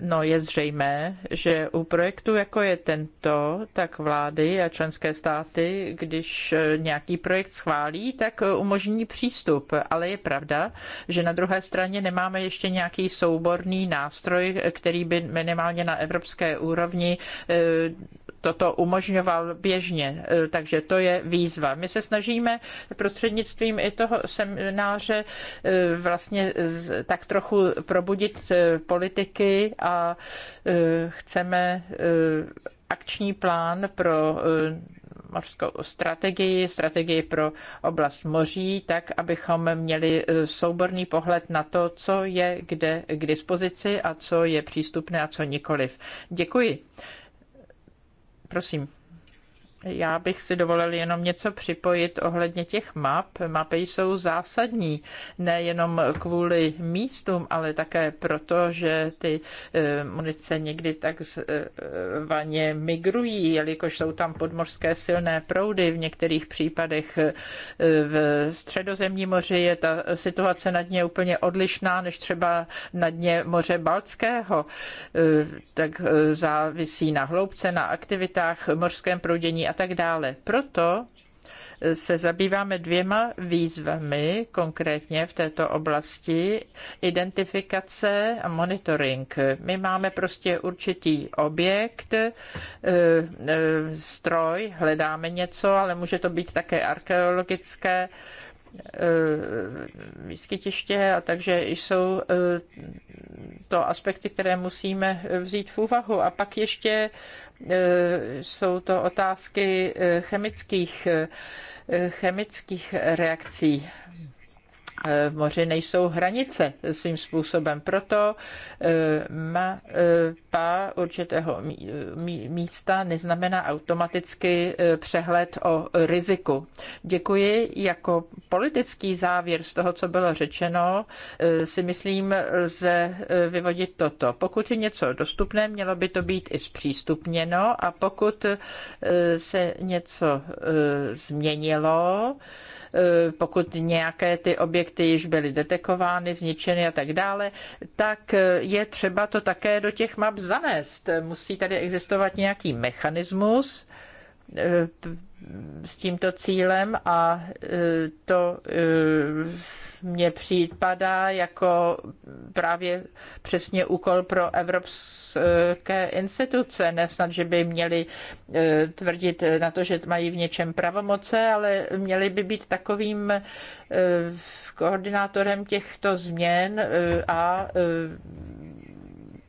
No je zřejmé, že u projektu jako je tento, tak vlády a členské státy, když nějaký projekt schválí, tak umožní přístup. Ale je pravda, že na druhé straně nemáme ještě nějaký souborný nástroj, který by minimálně na evropské úrovni eh, toto umožňoval běžně. Eh, takže to je výzva. My se snažíme prostřednictvím i toho semináře eh, vlastně tak trochu probudit politiky a e, chceme e, akční plán pro e, mořskou strategii, strategii pro oblast moří, tak, abychom měli souborný pohled na to, co je kde k dispozici a co je přístupné a co nikoliv. Děkuji. Prosím. Já bych si dovolil jenom něco připojit ohledně těch map. Mapy jsou zásadní nejenom kvůli místům, ale také proto, že ty eh, munice někdy tak eh, vaně migrují, jelikož jsou tam podmořské silné proudy. V některých případech eh, v středozemní moři je ta situace na dně úplně odlišná než třeba na dně moře Baltského. Tak závisí na hloubce, na aktivitách, mořském proudění a tak dále. Proto se zabýváme dvěma výzvami konkrétně v této oblasti identifikace a monitoring. My máme prostě určitý objekt, eh, eh, stroj, hledáme něco, ale může to být také archeologické eh, výskytiště, a takže jsou to aspekty, které musíme vzít v úvahu. A pak ještě Eh, jsou to otázky eh, chemických, eh, chemických reakcí v moři nejsou hranice svým způsobem. Proto eh, mapa eh, určitého místa neznamená automaticky eh, přehled o riziku. Děkuji. Jako politický závěr z toho, co bylo řečeno, si myslím, lze vyvodit toto. Pokud je něco dostupné, mělo by to být i zpřístupněno a pokud se něco změnilo, Eh, pokud nějaké ty objekty již byly detekovány, zničeny a tak dále, tak eh, je třeba to také do těch map zanést. Musí tady existovat nějaký mechanismus, Eh, s tímto cílem a eh, to eh, mně připadá jako právě přesně úkol pro evropské instituce. Nesnad, že by měli tvrdit na to, že mají v něčem pravomoce, ale měli by být takovým koordinátorem těchto změn a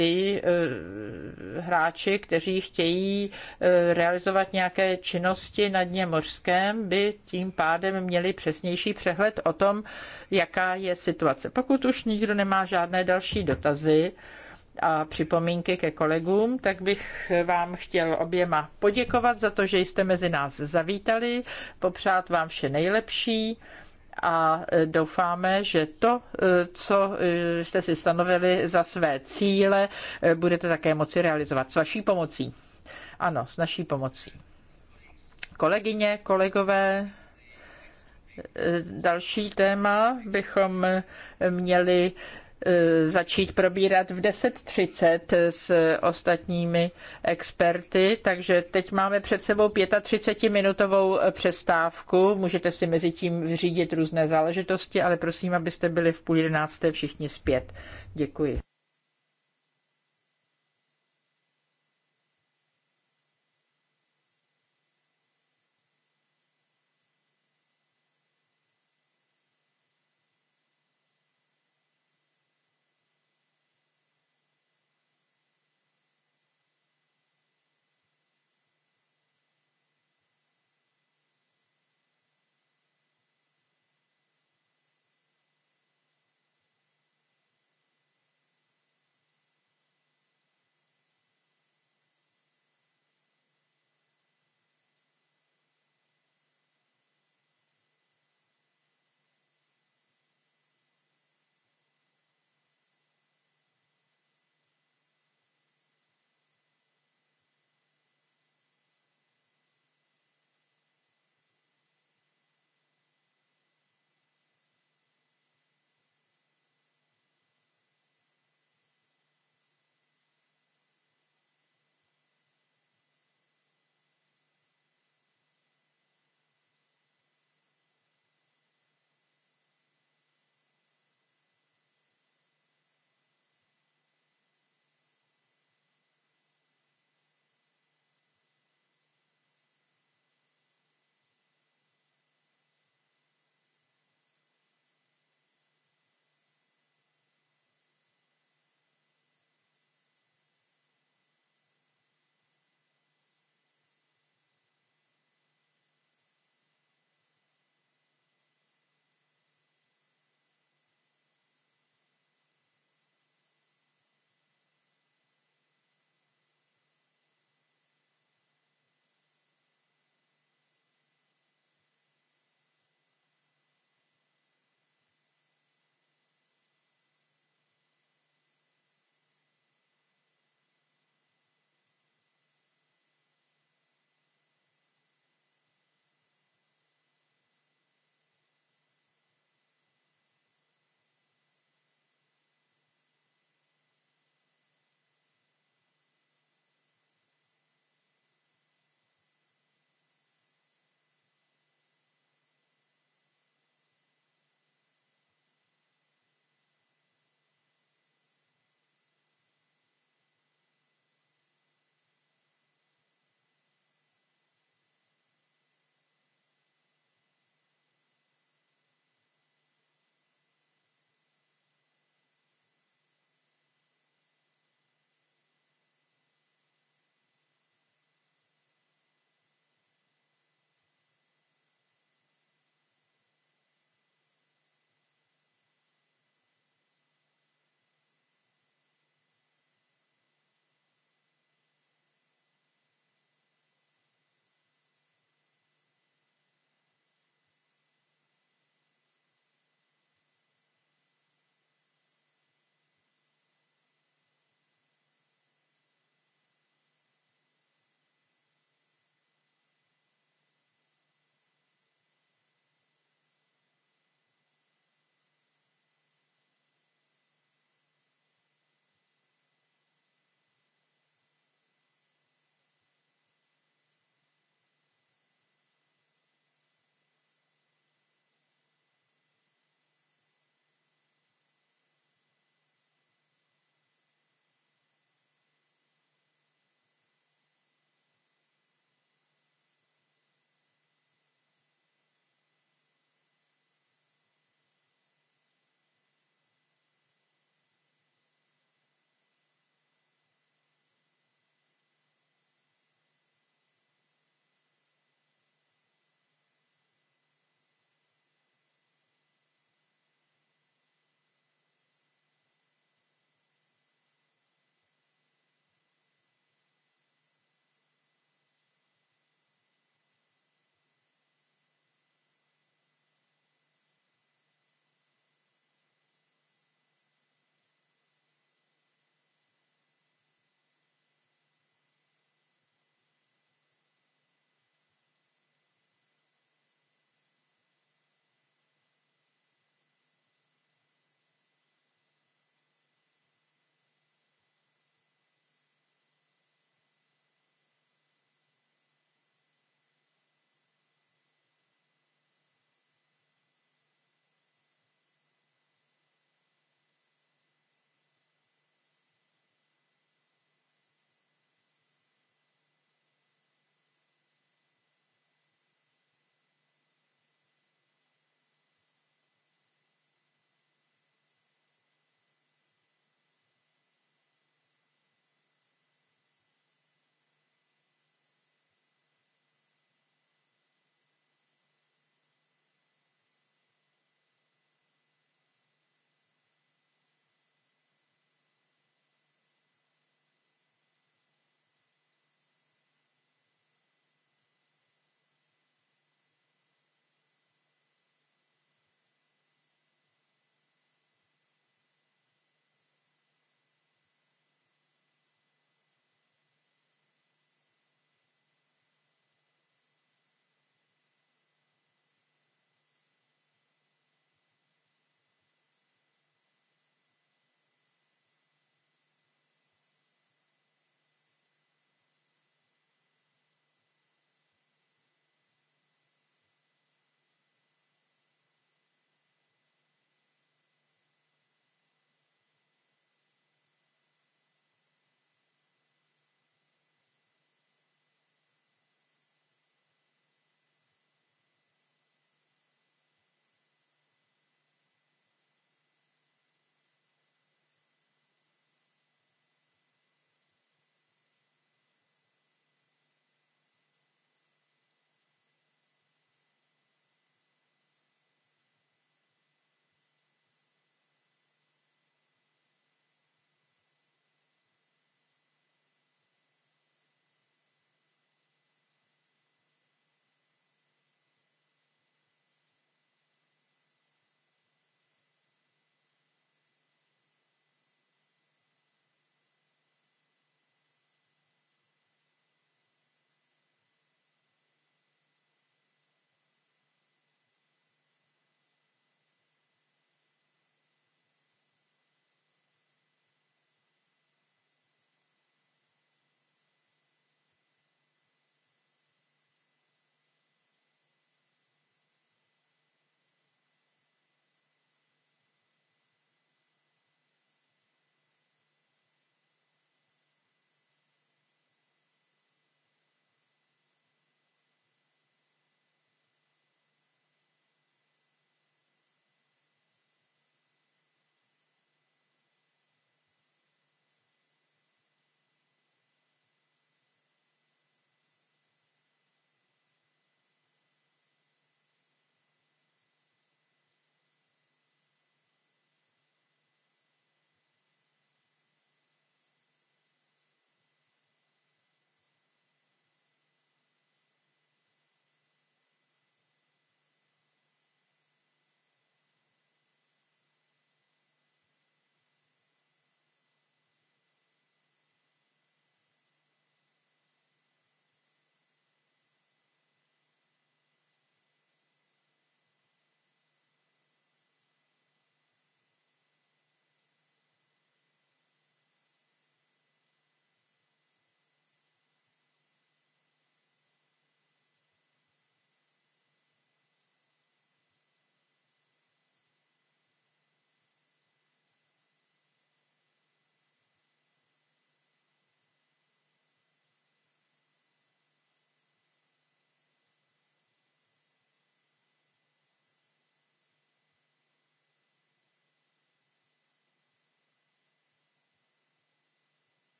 ty eh, hráči, kteří chtějí eh, realizovat nějaké činnosti na dně mořském, by tím pádem měli přesnější přehled o tom, jaká je situace. Pokud už nikdo nemá žádné další dotazy, a připomínky ke kolegům, tak bych vám chtěl oběma poděkovat za to, že jste mezi nás zavítali, popřát vám vše nejlepší a e, doufáme, že to, e, co e, jste si stanovili za své cíle, budete také moci realizovat s vaší pomocí. Ano, s naší pomocí. Kolegyně, kolegové, další téma bychom měli E, začít probírat v 10.30 s ostatními experty, takže teď máme před sebou 35-minutovou přestávku. Můžete si mezi tím vyřídit různé záležitosti, ale prosím, abyste byli v půl jedenácté všichni zpět. Děkuji.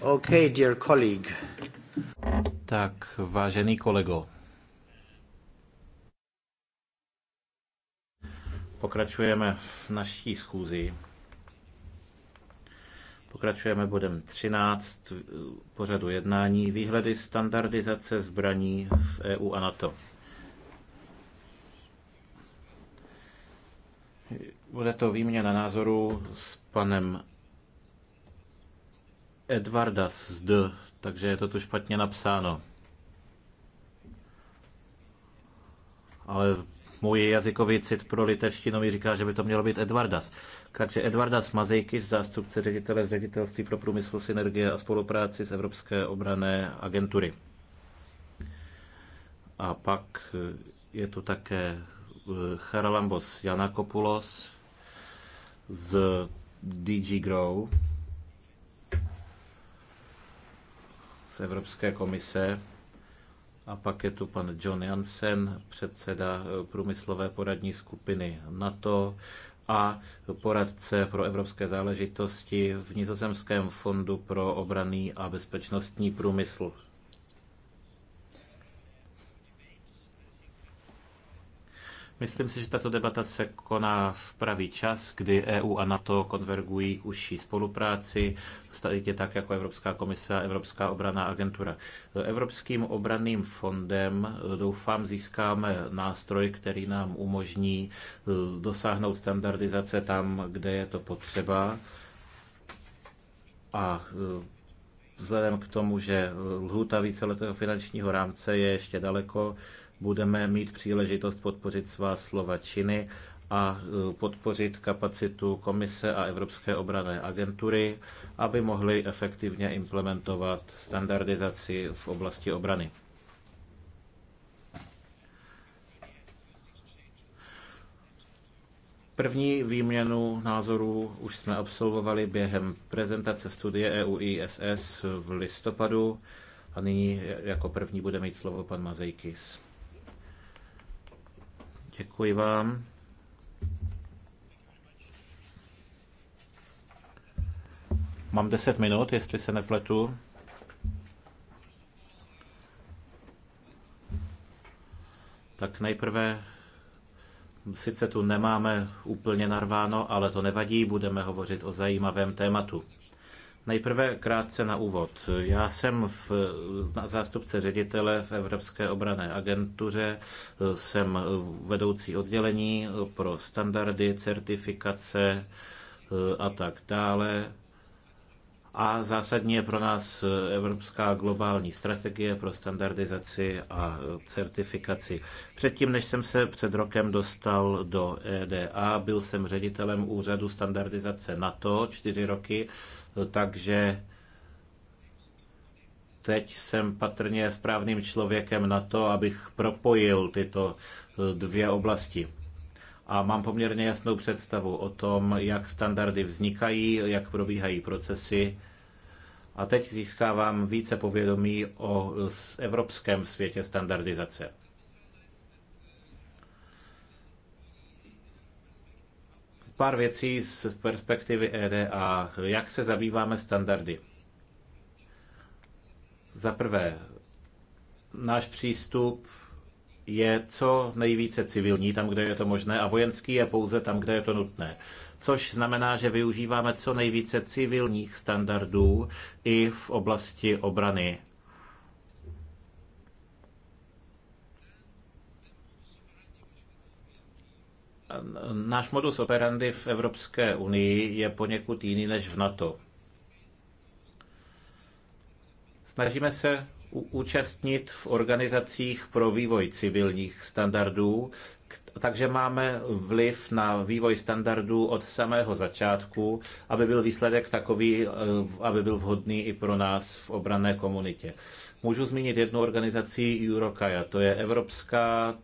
Okay, dear colleague. Tak, vážený kolego. Pokračujeme v naší schůzi. Pokračujeme bodem 13 pořadu jednání výhledy standardizace zbraní v EU a NATO. Bude to výměna názoru s panem Edvardas z D, takže je to tu špatně napsáno. Ale můj jazykový cit pro litevštinu mi říká, že by to mělo být Edvardas. Takže Edvardas Mazejky, zástupce ředitele z ředitelství pro průmysl, synergie a spolupráci z Evropské obrané agentury. A pak je tu také eh, Charalambos Janakopoulos z DG Grow, Evropské komise. A pak je tu pan John Jansen, předseda eh, průmyslové poradní skupiny NATO a poradce pro evropské záležitosti v Nizozemském fondu pro obraný a bezpečnostní průmysl. Myslím si, že tato debata se koná v pravý čas, kdy EU a NATO konvergují užší spolupráci, stejně tak jako Evropská komise a Evropská obraná agentura. Evropským obraným fondem doufám získáme nástroj, který nám umožní eh, dosáhnout standardizace tam, kde je to potřeba. A eh, vzhledem k tomu, že eh, lhůta víceletého finančního rámce je ještě daleko, budeme mít příležitost podpořit svá slova činy a e, podpořit kapacitu Komise a Evropské obrané agentury, aby mohly efektivně implementovat standardizaci v oblasti obrany. První výměnu názorů už jsme absolvovali během prezentace studie EU ISS v listopadu a nyní jako první bude mít slovo pan Mazejkis. Děkuji vám. Mám 10 minut, jestli se nepletu. Tak nejprve, sice tu nemáme úplně narváno, ale to nevadí, budeme hovořit o zajímavém tématu. Nejprve krátce na úvod. Já jsem v, na zástupce ředitele v Evropské obrané agentuře, jsem vedoucí oddělení pro standardy, certifikace eh, a tak dále. A zásadní je pro nás evropská globální strategie pro standardizaci a certifikaci. Předtím, než jsem se před rokem dostal do EDA, byl jsem ředitelem úřadu standardizace NATO čtyři roky takže teď jsem patrně správným člověkem na to, abych propojil tyto dvě oblasti. A mám poměrně jasnou představu o tom, jak standardy vznikají, jak probíhají procesy. A teď získávám více povědomí o evropském světě standardizace. Pár věcí z perspektivy EDA. Jak se zabýváme standardy? Za prvé, náš přístup je co nejvíce civilní, tam, kde je to možné, a vojenský je pouze tam, kde je to nutné. Což znamená, že využíváme co nejvíce civilních standardů i v oblasti obrany Náš modus operandi v Evropské unii je poněkud jiný než v NATO. Snažíme se účastnit v organizacích pro vývoj civilních standardů, takže máme vliv na vývoj standardů od samého začátku, aby byl výsledek takový, e, aby byl vhodný i pro nás v obrané komunitě. Můžu zmínit jednu organizaci Eurokaja, to je Evropská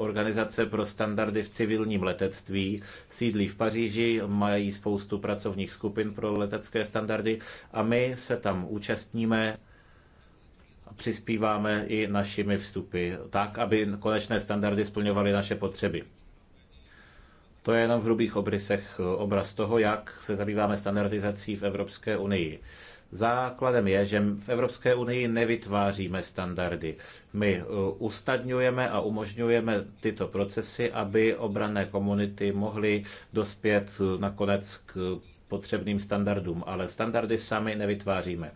Organizace pro standardy v civilním letectví. Sídlí v Paříži, mají spoustu pracovních skupin pro letecké standardy a my se tam účastníme a přispíváme i našimi vstupy, tak, aby konečné standardy splňovaly naše potřeby. To je jenom v hrubých obrysech obraz toho, jak se zabýváme standardizací v Evropské unii. Základem je, že v Evropské unii nevytváříme standardy. My eh, ustadňujeme a umožňujeme tyto procesy, aby obrané komunity mohly dospět eh, nakonec k potřebným standardům, ale standardy sami nevytváříme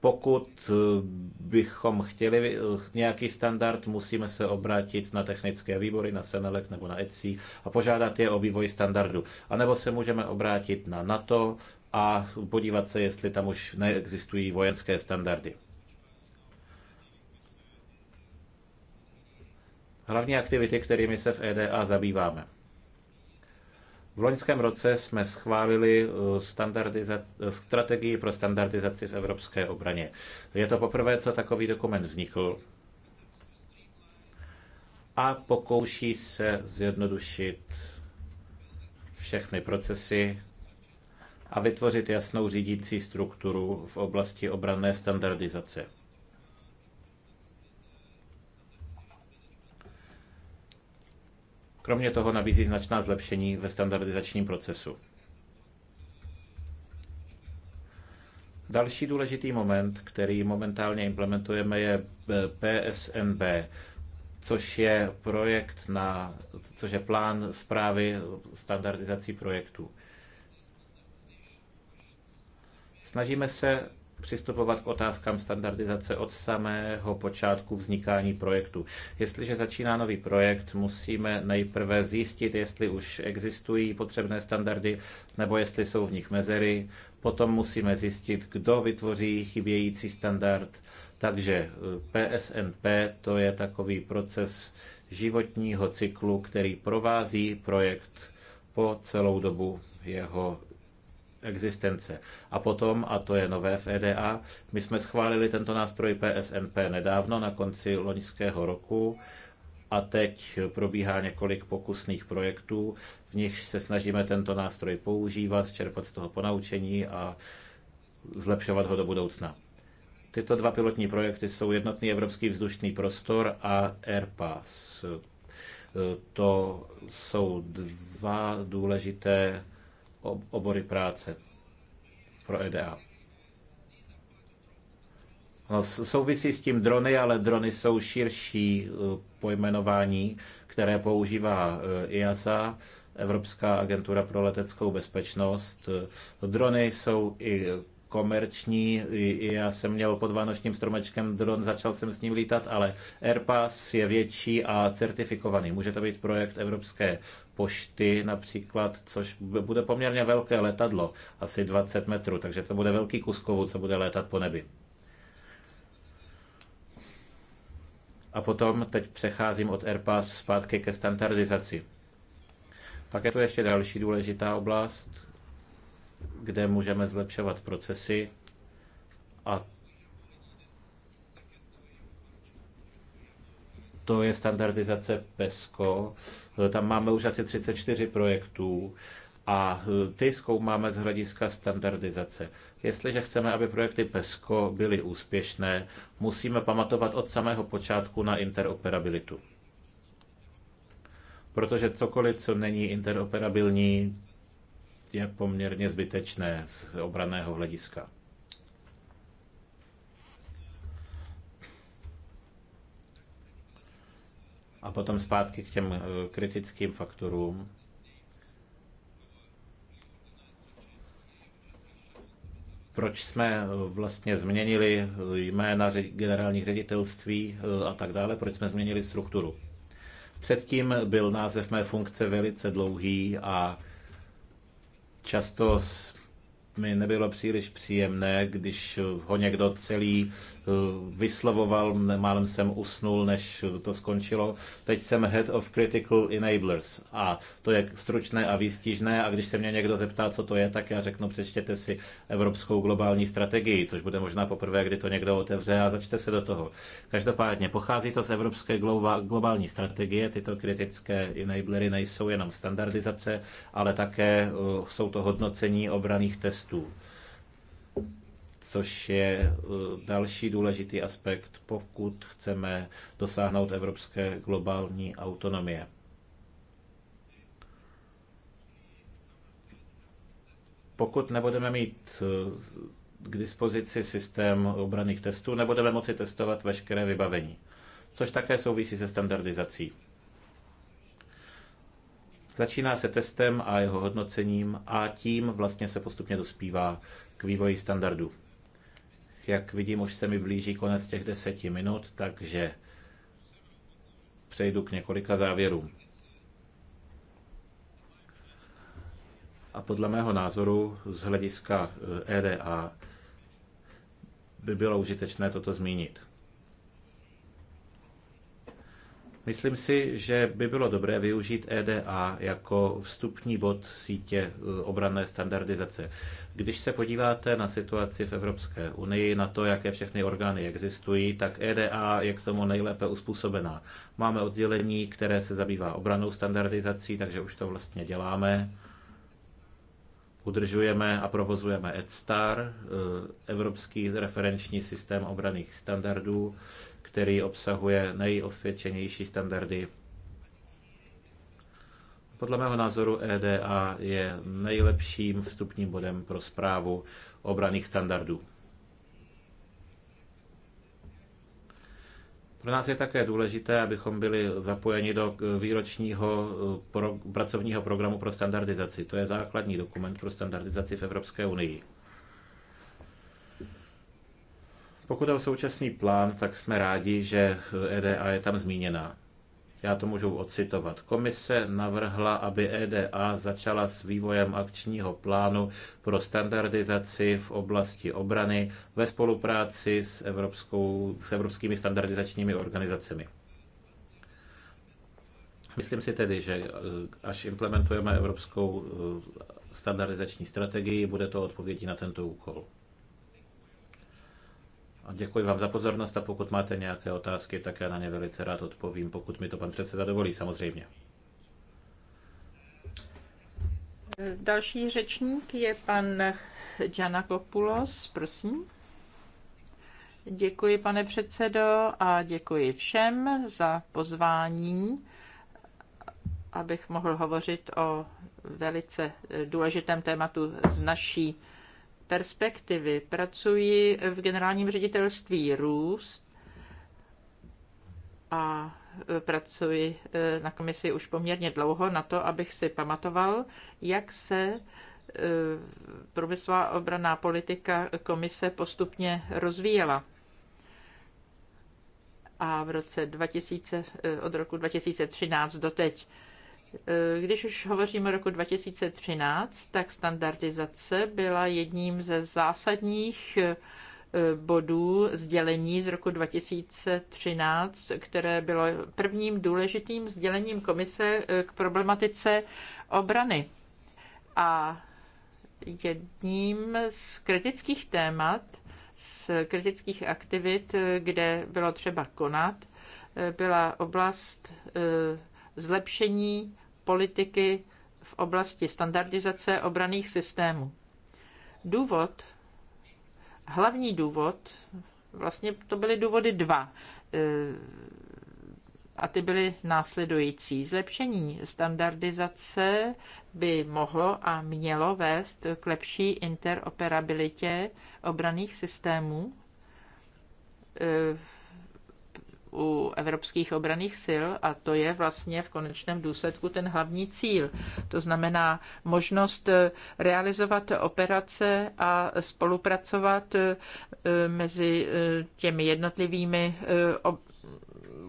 pokud eh, bychom chtěli nějaký standard, musíme se obrátit na technické výbory, na Senelek nebo na ECI a požádat je o vývoj standardu. A nebo se můžeme obrátit na NATO, a podívat se, jestli tam už neexistují vojenské standardy. Hlavní aktivity, kterými se v EDA zabýváme. V loňském roce jsme schválili eh, eh, strategii pro standardizaci v evropské obraně. Je to poprvé, co takový dokument vznikl a pokouší se zjednodušit všechny procesy a vytvořit jasnou řídící strukturu v oblasti obranné standardizace. Kromě toho nabízí značná zlepšení ve standardizačním procesu. Další důležitý moment, který momentálně implementujeme, je eh, PSNB, což je projekt na, což je plán zprávy standardizací projektů. Snažíme se přistupovat k otázkám standardizace od samého počátku vznikání projektu. Jestliže začíná nový projekt, musíme nejprve zjistit, jestli už existují potřebné standardy nebo jestli jsou v nich mezery. Potom musíme zjistit, kdo vytvoří chybějící standard. Takže PSNP eh, to je takový proces životního cyklu, který provází projekt po celou dobu jeho existence. A potom, a to je nové v EDA, my jsme schválili tento nástroj PSNP nedávno, na konci loňského roku, a teď probíhá několik pokusných projektů, v nich se snažíme tento nástroj používat, čerpat z toho ponaučení a zlepšovat ho do budoucna. Tyto dva pilotní projekty jsou jednotný evropský vzdušný prostor a AirPass. E, to jsou dva důležité obory práce pro EDA. No, souvisí s tím drony, ale drony jsou širší eh, pojmenování, které používá eh, IASA, Evropská agentura pro leteckou bezpečnost. Eh, drony jsou i komerční. Já jsem měl pod vánočním stromečkem dron, začal jsem s ním lítat, ale Airpass je větší a certifikovaný. Může to být projekt Evropské pošty například, což bude poměrně velké letadlo, asi 20 metrů, takže to bude velký kus kovu, co bude létat po nebi. A potom teď přecházím od AirPass zpátky ke standardizaci. Pak je tu ještě další důležitá oblast, kde můžeme zlepšovat procesy, a to je standardizace PESCO. Tam máme už asi 34 projektů a e, ty zkoumáme z hlediska standardizace. Jestliže chceme, aby projekty PESCO byly úspěšné, musíme pamatovat od samého počátku na interoperabilitu. Protože cokoliv, co není interoperabilní, je poměrně zbytečné z obraného hlediska. A potom zpátky k těm eh, kritickým faktorům. proč jsme eh, vlastně změnili eh, jména generálních ředitelství a tak dále, proč jsme změnili strukturu. Předtím byl název mé funkce velice dlouhý a často mi nebylo příliš příjemné, když ho někdo celý Eh, vyslovoval, málem jsem usnul, než to skončilo. Teď jsem Head of Critical Enablers a to je stručné a výstižné a když se mě někdo zeptá, co to je, tak já řeknu, přečtěte si Evropskou globální strategii, což bude možná poprvé, kdy to někdo otevře a začte se do toho. Každopádně pochází to z Evropské globální strategie, tyto kritické enablery nejsou jenom standardizace, ale také eh, jsou to hodnocení obraných testů což je eh, další důležitý aspekt, pokud chceme dosáhnout evropské globální autonomie. Pokud nebudeme mít eh, k dispozici systém obraných testů, nebudeme moci testovat veškeré vybavení, což také souvisí se standardizací. Začíná se testem a jeho hodnocením a tím vlastně se postupně dospívá k vývoji standardů. Jak vidím, už se mi blíží konec těch deseti minut, takže přejdu k několika závěrům. A podle mého názoru z hlediska EDA eh, e by bylo užitečné toto zmínit. Myslím si, že by bylo dobré využít EDA jako vstupní bod sítě eh, obranné standardizace. Když se podíváte na situaci v Evropské unii, na to, jaké všechny orgány existují, tak EDA je k tomu nejlépe uspůsobená. Máme oddělení, které se zabývá obranou standardizací, takže už to vlastně děláme. Udržujeme a provozujeme EDSTAR, eh, Evropský referenční systém obraných standardů, který obsahuje nejosvědčenější standardy. Podle mého názoru EDA je nejlepším vstupním bodem pro zprávu obraných standardů. Pro nás je také důležité, abychom byli zapojeni do výročního eh, pro, pracovního programu pro standardizaci. To je základní dokument pro standardizaci v Evropské unii. Pokud je o současný plán, tak jsme rádi, že EDA je tam zmíněná. Já to můžu ocitovat. Komise navrhla, aby EDA začala s vývojem akčního plánu pro standardizaci v oblasti obrany ve spolupráci s, evropskou, s evropskými standardizačními organizacemi. Myslím si tedy, že e, až implementujeme evropskou e, standardizační strategii, bude to odpovědí na tento úkol. Děkuji vám za pozornost a pokud máte nějaké otázky, tak já na ně velice rád odpovím, pokud mi to pan předseda dovolí samozřejmě.
Další řečník je pan Jana Kopulos, prosím. Děkuji, pane předsedo, a děkuji všem za pozvání, abych mohl hovořit o velice důležitém tématu z naší perspektivy. Pracuji v generálním ředitelství Růst a e, pracuji e, na komisi už poměrně dlouho na to, abych si pamatoval, jak se e, průmyslová obraná politika komise postupně rozvíjela. A v roce 2000, od roku 2013 do teď. Eh, když už hovoříme o roku 2013, tak standardizace byla jedním ze zásadních eh, bodů sdělení z roku 2013, které bylo prvním důležitým sdělením komise eh, k problematice obrany. A jedním z kritických témat, z kritických aktivit, kde bylo třeba konat, byla oblast zlepšení politiky v oblasti standardizace obraných systémů. Důvod, hlavní důvod, vlastně to byly důvody dva e, a ty byly následující. Zlepšení standardizace by mohlo a mělo vést k lepší interoperabilitě obraných systémů e, u evropských obraných sil a to je vlastně v konečném důsledku ten hlavní cíl. To znamená možnost realizovat operace a spolupracovat eh, mezi eh, těmi jednotlivými eh,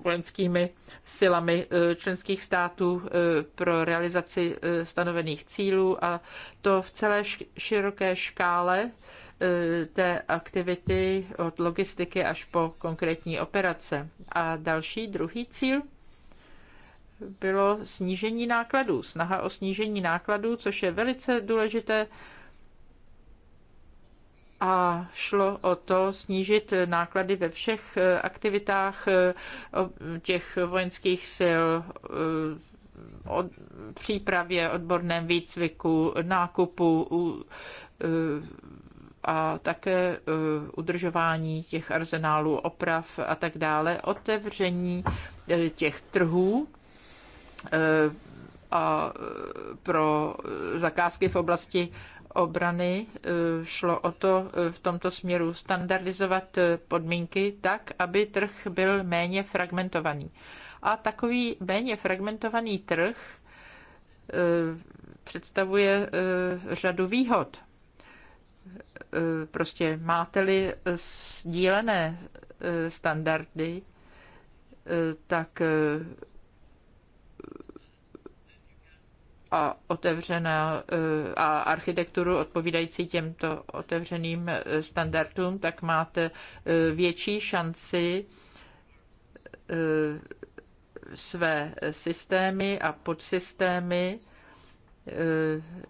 vojenskými silami členských států pro realizaci stanovených cílů a to v celé široké škále E, té aktivity od logistiky až po konkrétní operace. A další, druhý cíl bylo snížení nákladů, snaha o snížení nákladů, což je velice důležité. A šlo o to snížit náklady ve všech e, aktivitách e, těch vojenských sil, o přípravě, odborném výcviku, nákupu, a také e, udržování těch arzenálů oprav a tak dále, otevření e, těch trhů e, a pro zakázky v oblasti obrany šlo o to v tomto směru standardizovat podmínky tak, aby trh byl méně fragmentovaný. A takový méně fragmentovaný trh představuje řadu výhod. Eh, prostě máte-li eh, sdílené eh, standardy, tak a otevřená a architekturu odpovídající těmto otevřeným standardům, tak máte větší šanci své systémy a podsystémy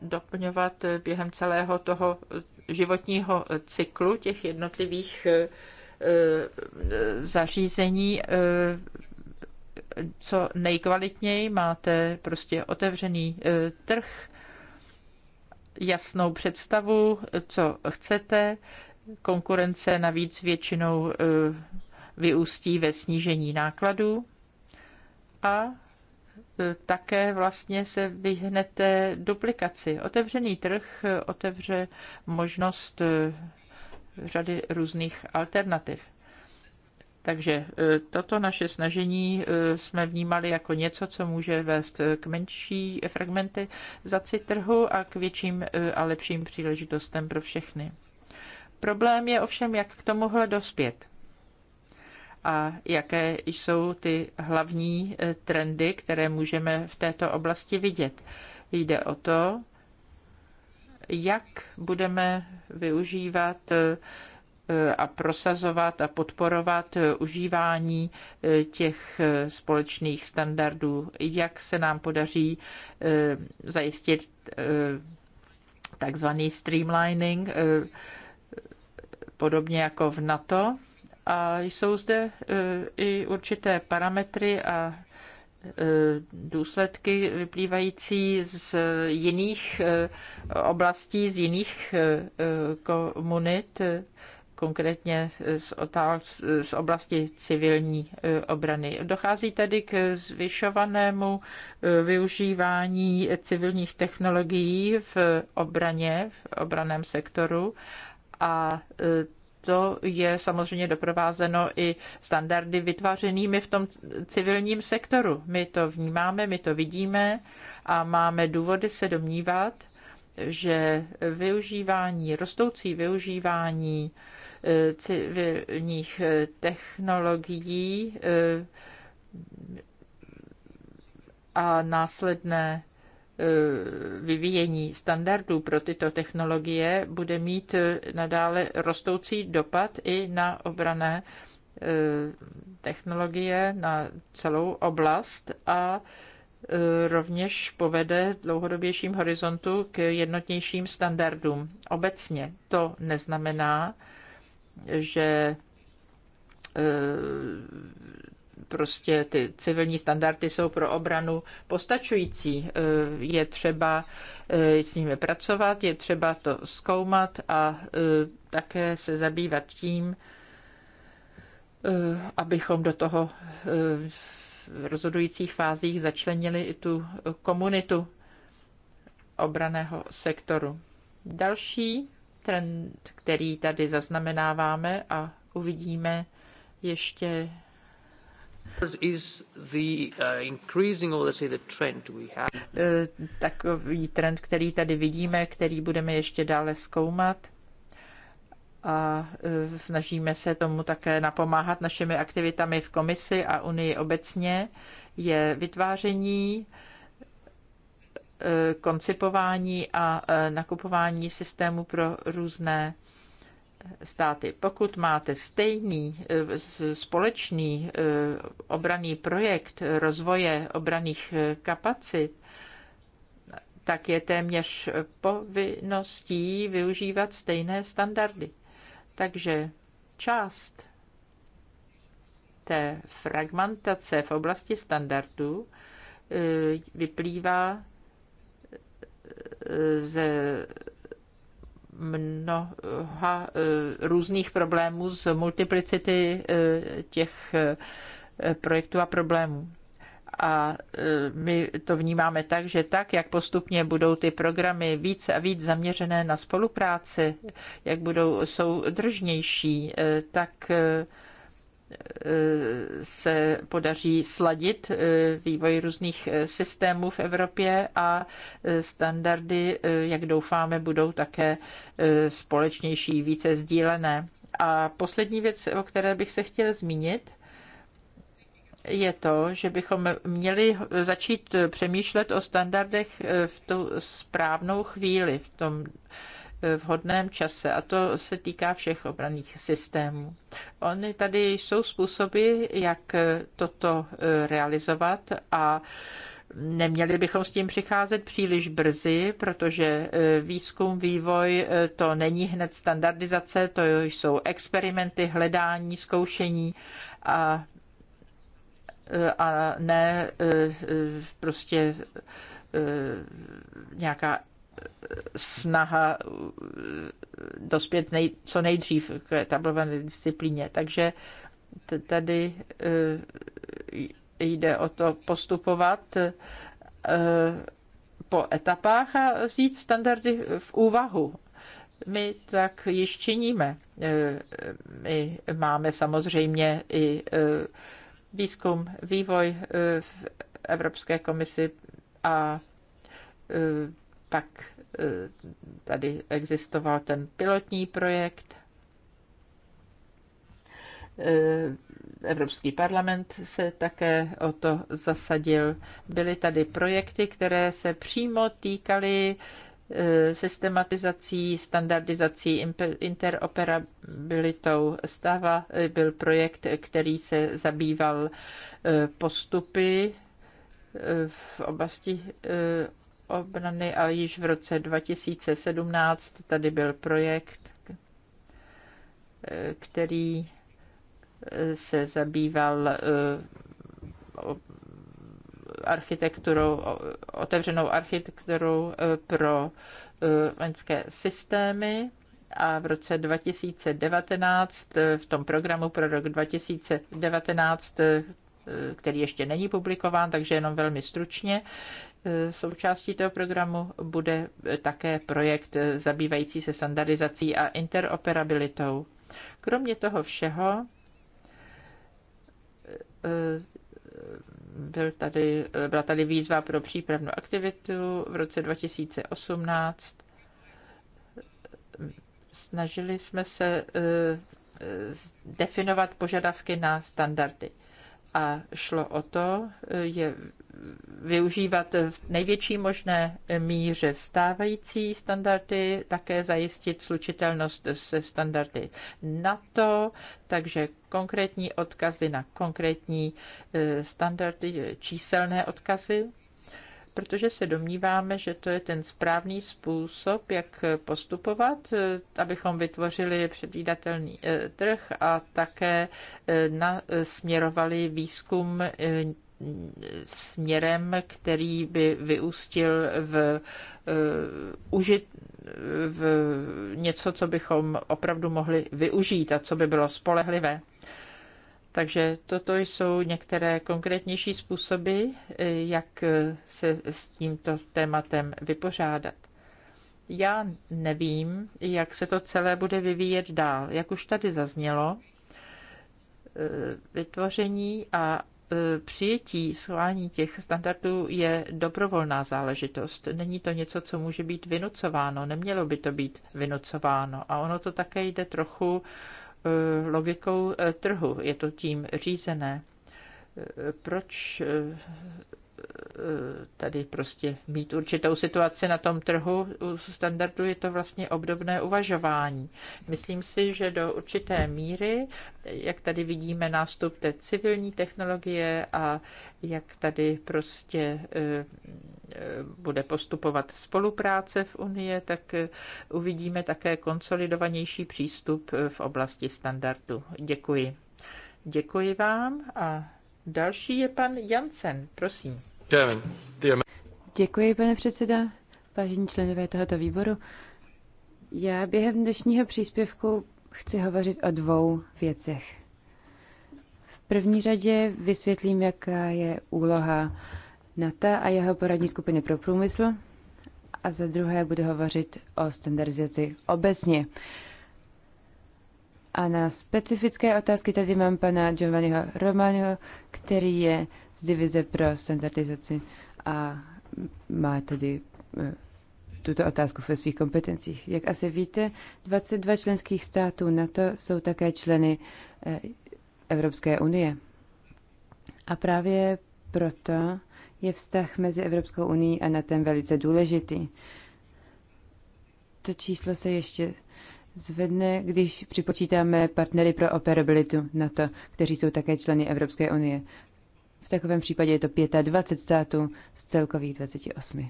doplňovat během celého toho životního cyklu těch jednotlivých eh, eh, zařízení eh, co nejkvalitněji, máte prostě otevřený trh, jasnou představu, co chcete. Konkurence navíc většinou vyústí ve snížení nákladů a také vlastně se vyhnete duplikaci. Otevřený trh otevře možnost eh, řady různých alternativ. Takže eh, toto naše snažení eh, jsme vnímali jako něco, co může vést k menší fragmentizaci trhu a k větším a lepším příležitostem pro všechny. Problém je ovšem, jak k tomuhle dospět a jaké jsou ty hlavní eh, trendy, které můžeme v této oblasti vidět. Jde o to, jak budeme využívat eh, eh, a prosazovat a podporovat užívání těch společných standardů, jak se nám podaří zajistit takzvaný streamlining, podobně jako v NATO, a jsou zde e, i určité parametry a e, důsledky vyplývající z jiných e, oblastí, z jiných komunit, konkrétně z, z oblasti civilní obrany. Dochází tedy k zvyšovanému využívání civilních technologií v obraně, v obraném sektoru a to je samozřejmě doprovázeno i standardy vytvářenými v tom civilním sektoru. My to vnímáme, my to vidíme a máme důvody se domnívat, že využívání, rostoucí využívání eh, civilních eh, technologií eh, a následné Eh, vyvíjení standardů pro tyto technologie bude mít eh, nadále rostoucí dopad i na obrané eh, technologie, na celou oblast a rovněž povede v dlouhodobějším horizontu k jednotnějším standardům. Obecně to neznamená, že prostě ty civilní standardy jsou pro obranu postačující. Eh, je třeba eh, s nimi pracovat, je třeba to zkoumat a eh, také se zabývat tím, abychom do toho v rozhodujících fázích začlenili i tu komunitu obraného sektoru. Další trend, který tady zaznamenáváme a uvidíme ještě Takový trend, který tady vidíme, který budeme ještě dále zkoumat a eh, snažíme se tomu také napomáhat našimi aktivitami v komisi a Unii obecně, je vytváření eh, koncipování a eh, nakupování systému pro různé státy. Pokud máte stejný eh, společný eh, obraný projekt rozvoje obraných eh, kapacit, tak je téměř povinností využívat stejné standardy. Takže část té fragmentace v oblasti standardů vyplývá ze mnoha eh, různých problémů z multiplicity eh, těch eh, projektů a problémů a my to vnímáme tak, že tak, jak postupně budou ty programy více a víc zaměřené na spolupráci, jak budou soudržnější, tak se podaří sladit eh, vývoj různých eh, systémů v Evropě a eh, standardy, jak doufáme, budou také společnější, více sdílené. A poslední věc, o které bych se chtěl zmínit, je to, že bychom měli začít přemýšlet o standardech v tu správnou chvíli, v tom vhodném čase. A to se týká všech obraných systémů. Ony tady jsou způsoby, jak toto eh, realizovat a Neměli bychom s tím přicházet příliš brzy, protože eh, výzkum, vývoj eh, to není hned standardizace, to jsou experimenty, hledání, zkoušení a, a ne prostě nějaká snaha eh, dospět nej, co nejdřív k tablované disciplíně. Takže tady eh, jde o to postupovat eh, po etapách a vzít standardy v úvahu. My tak již činíme. My máme samozřejmě i výzkum, vývoj v Evropské komisi a pak eh, tady existoval ten pilotní projekt. Eh, Evropský parlament se také o to zasadil. Byly tady projekty, které se přímo týkaly eh, systematizací, standardizací, interoperabilitou stava. Byl projekt, který se zabýval postupy v oblasti obrany a již v roce 2017 tady byl projekt, eh, který eh, se zabýval eh, architekturou, otevřenou architekturou pro vojenské systémy a v roce 2019, v tom programu pro rok 2019, který ještě není publikován, takže jenom velmi stručně, Eh, součástí toho programu bude eh, také projekt eh, zabývající se standardizací a interoperabilitou. Kromě toho všeho byl tady, byla tady výzva pro přípravnou aktivitu v roce 2018. Snažili jsme se definovat požadavky na standardy. A šlo o to je využívat v největší možné míře stávající standardy, také zajistit slučitelnost se standardy NATO, takže konkrétní odkazy na konkrétní e, standardy, číselné odkazy, protože se domníváme, že to je ten správný způsob, jak postupovat, e, abychom vytvořili předvídatelný e, trh a také nasměrovali výzkum směrem, který by vyústil v, eh, užit, v něco, co bychom opravdu mohli využít a co by bylo spolehlivé. Takže toto jsou některé konkrétnější způsoby, eh, jak se s tímto tématem vypořádat. Já nevím, jak se to celé bude vyvíjet dál. Jak už tady zaznělo, eh, vytvoření a E, přijetí, schování těch standardů je dobrovolná záležitost. Není to něco, co může být vynucováno, nemělo by to být vynucováno. A ono to také jde trochu e, logikou e, trhu, je to tím řízené. Proč Eh, tady prostě mít určitou situaci na tom trhu. U standardu je to vlastně obdobné uvažování. Myslím si, že do určité míry, jak tady vidíme nástup té civilní technologie a jak tady prostě eh, bude postupovat spolupráce v Unii, tak eh, uvidíme také konsolidovanější přístup v oblasti standardu. Děkuji. Děkuji vám a Další je pan Jansen,
prosím. Děkuji, pane předseda, vážení členové tohoto výboru. Já během dnešního příspěvku chci hovořit o dvou věcech. V první řadě vysvětlím, jaká je úloha NATO a jeho poradní skupiny pro průmysl a za druhé budu hovořit o standardizaci obecně. A na specifické otázky tady mám pana Giovanniho Romano který je z divize pro standardizaci a má tedy eh, tuto otázku ve svých kompetencích. Jak asi víte, 22 členských států NATO jsou také členy eh, Evropské unie. A právě proto je vztah mezi Evropskou unii a NATO velice důležitý. To číslo se ještě zvedne, když připočítáme partnery pro operabilitu na to, kteří jsou také členy Evropské unie. V takovém případě je to 25 států z celkových 28.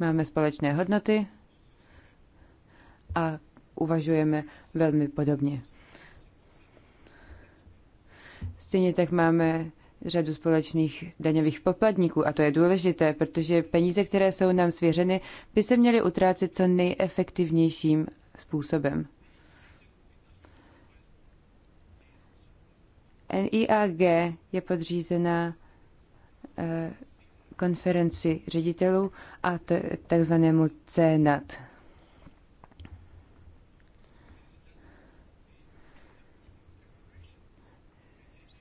Máme společné hodnoty a uvažujeme velmi podobně. Stejně tak máme řadu společných daňových poplatníků. A to je důležité, protože peníze, které jsou nám svěřeny, by se měly utrácet co nejefektivnějším způsobem. NIAG je podřízená eh, konferenci ředitelů a takzvanému CNAT.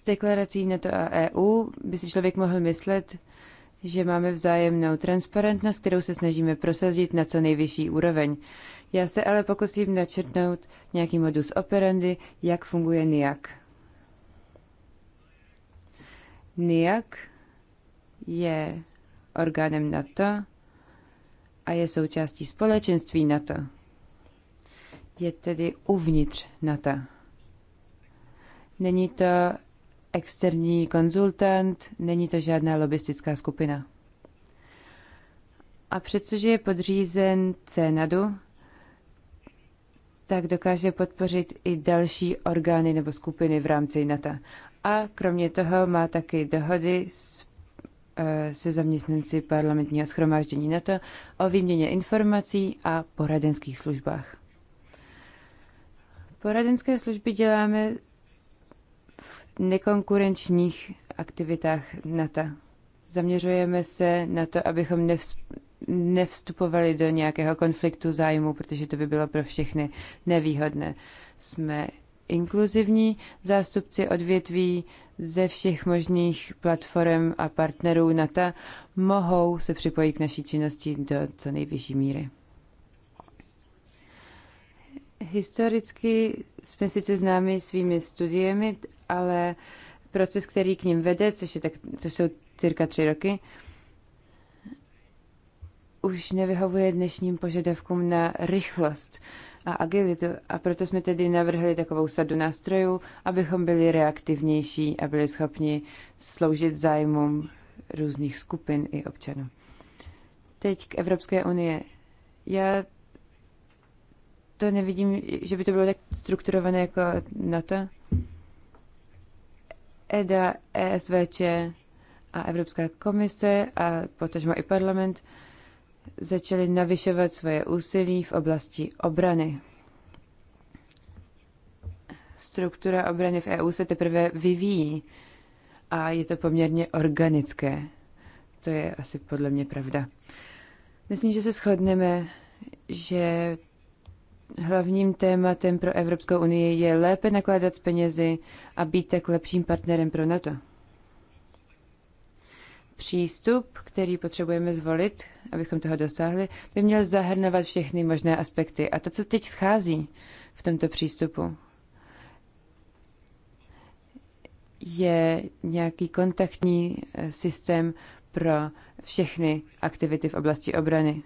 deklarací NATO a EU by si člověk mohl myslet, že máme vzájemnou transparentnost, kterou se snažíme prosazit na co nejvyšší úroveň. Já se ale pokusím načrtnout nějaký modus operandi, jak funguje NIAC. NIAC je orgánem NATO a je součástí společenství NATO. Je tedy uvnitř NATO. Není to externí konzultant, není to žádná lobistická skupina. A přestože je podřízen CNADu, tak dokáže podpořit i další orgány nebo skupiny v rámci NATO. A kromě toho má taky dohody s, eh, se zaměstnanci parlamentního schromáždění NATO o výměně informací a poradenských službách. Poradenské služby děláme nekonkurenčních aktivitách NATO. Zaměřujeme se na to, abychom nevstupovali do nějakého konfliktu zájmu, protože to by bylo pro všechny nevýhodné. Jsme inkluzivní zástupci odvětví ze všech možných platform a partnerů NATO mohou se připojit k naší činnosti do co nejvyšší míry. Historicky jsme sice známi svými studiemi, ale proces, který k ním vede, což, je tak, což jsou cirka tři roky, už nevyhovuje dnešním požadavkům na rychlost a agilitu a proto jsme tedy navrhli takovou sadu nástrojů, abychom byli reaktivnější a byli schopni sloužit zájmům různých skupin i občanů. Teď k Evropské unie. Já to nevidím, že by to bylo tak strukturované jako na to. EDA, ESVČ a Evropská komise a potažmo i parlament začaly navyšovat svoje úsilí v oblasti obrany. Struktura obrany v EU se teprve vyvíjí a je to poměrně organické. To je asi podle mě pravda. Myslím, že se shodneme, že hlavním tématem pro Evropskou unii je lépe nakládat s penězi a být tak lepším partnerem pro NATO. Přístup, který potřebujeme zvolit, abychom toho dosáhli, by měl zahrnovat všechny možné aspekty. A to, co teď schází v tomto přístupu, je nějaký kontaktní eh, systém pro všechny aktivity v oblasti obrany.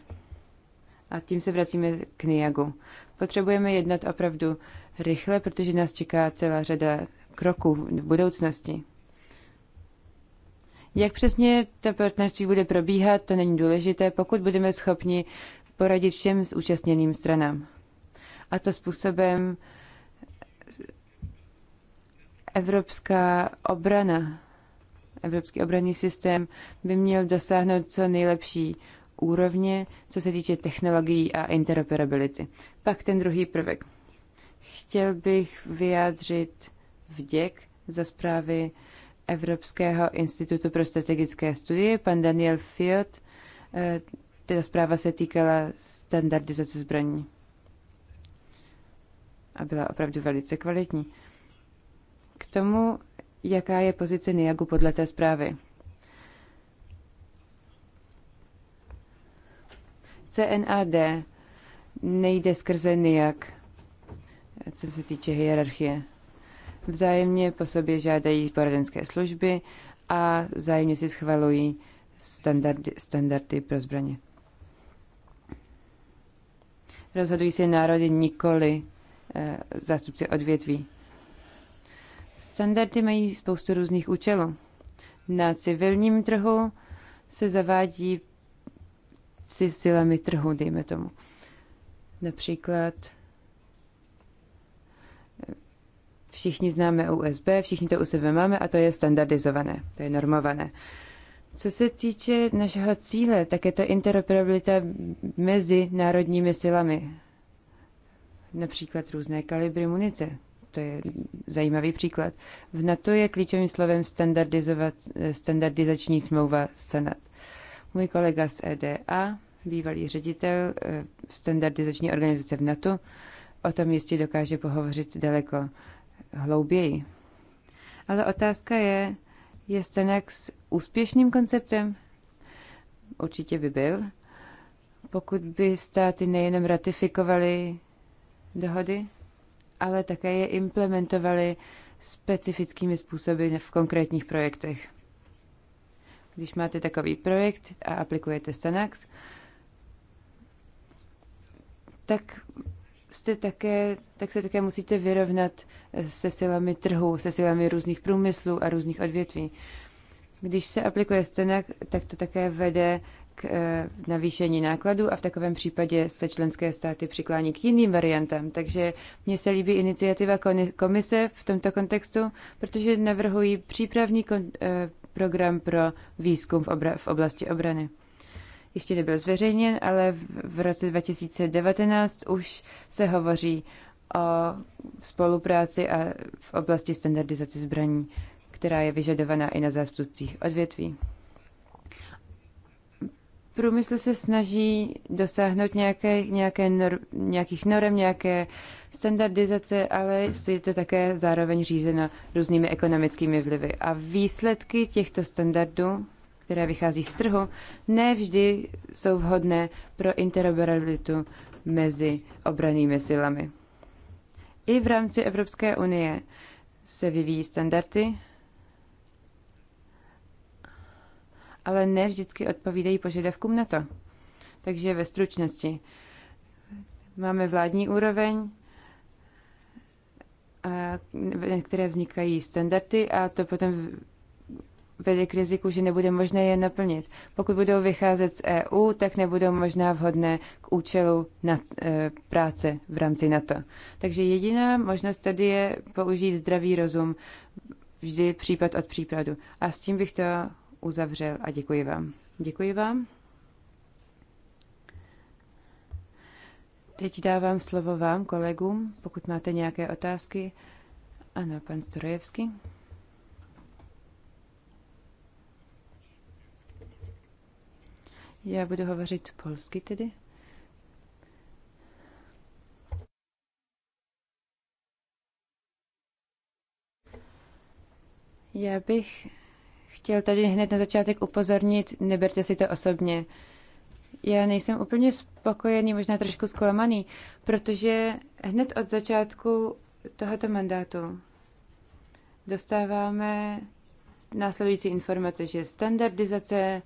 A tím se vracíme k NIAGu. Potřebujeme jednat opravdu rychle, protože nás čeká celá řada kroků v budoucnosti. Jak přesně to partnerství bude probíhat, to není důležité, pokud budeme schopni poradit všem zúčastněným stranám. A to způsobem evropská obrana, evropský obranný systém by měl dosáhnout co nejlepší úrovně, co se týče technologií a interoperability. Pak ten druhý prvek. Chtěl bych vyjádřit vděk za zprávy Evropského institutu pro strategické studie, pan Daniel Fiot. Eh, ta zpráva se týkala standardizace zbraní a byla opravdu velice kvalitní. K tomu, jaká je pozice NIAGu podle té zprávy. CNAD nejde skrze nijak, co se týče hierarchie. Vzájemně po sobě žádají poradenské služby a vzájemně si schvalují standardy, standardy pro zbraně. Rozhodují se národy nikoli e, zástupci odvětví. Standardy mají spoustu různých účelů. Na civilním trhu se zavádí si silami trhu, dejme tomu. Například eh, všichni známe USB, všichni to u sebe máme a to je standardizované, to je normované. Co se týče našeho cíle, tak je to interoperabilita mezi národními silami. Například různé kalibry munice. To je zajímavý příklad. V NATO je klíčovým slovem standardizovat, eh, standardizační smlouva Senat. Můj kolega z EDA, bývalý ředitel eh, standardizační organizace v NATO, o tom jistě dokáže pohovořit daleko hlouběji. Ale otázka je, je Stenex úspěšným konceptem? Určitě by byl, pokud by státy nejenom ratifikovaly dohody, ale také je implementovaly specifickými způsoby v konkrétních projektech. Když máte takový projekt a aplikujete Stanax, tak jste také, tak se také musíte vyrovnat se silami trhu, se silami různých průmyslů a různých odvětví. Když se aplikuje Stanax, tak to také vede k eh, navýšení nákladů a v takovém případě se členské státy přiklání k jiným variantám. Takže mně se líbí iniciativa komise v tomto kontextu, protože navrhují přípravní kon, eh, program pro výzkum v, obra- v oblasti obrany. Ještě nebyl zveřejněn, ale v, v roce 2019 už se hovoří o spolupráci a v oblasti standardizace zbraní, která je vyžadovaná i na zástupcích odvětví průmysl se snaží dosáhnout nějaké, nějaké nor, nějakých norm, nějaké standardizace, ale je to také zároveň řízeno různými ekonomickými vlivy. A výsledky těchto standardů, které vychází z trhu, nevždy jsou vhodné pro interoperabilitu mezi obranými silami. I v rámci Evropské unie se vyvíjí standardy, ale ne vždycky odpovídají požadavkům na to. Takže ve stručnosti. Máme vládní úroveň, na které vznikají standardy a to potom vede k riziku, že nebude možné je naplnit. Pokud budou vycházet z EU, tak nebudou možná vhodné k účelu na, e, práce v rámci NATO. Takže jediná možnost tady je použít zdravý rozum vždy případ od případu. A s tím bych to uzavřel a děkuji vám. Děkuji vám. Teď dávám slovo vám, kolegům, pokud máte nějaké otázky. Ano, pan Storojevský. Já budu hovořit polsky tedy. Já bych chtěl tady hned na začátek upozornit, neberte si to osobně. Já nejsem úplně spokojený, možná trošku zklamaný, protože hned od začátku tohoto mandátu dostáváme následující informace, že standardizace,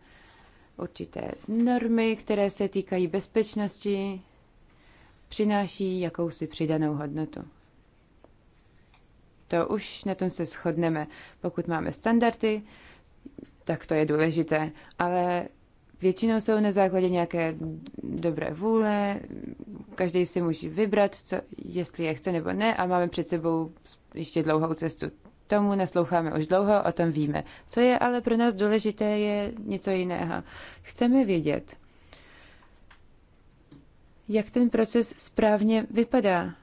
určité normy, které se týkají bezpečnosti, přináší jakousi přidanou hodnotu. To už na tom se shodneme. Pokud máme standardy, tak to je důležité. Ale většinou jsou na základě nějaké dobré vůle, každý si může vybrat, co, jestli je chce nebo ne a máme před sebou ještě dlouhou cestu. Tomu nasloucháme už dlouho, o tom víme. Co je ale pro nás důležité, je něco jiného. Chceme vědět, jak ten proces správně vypadá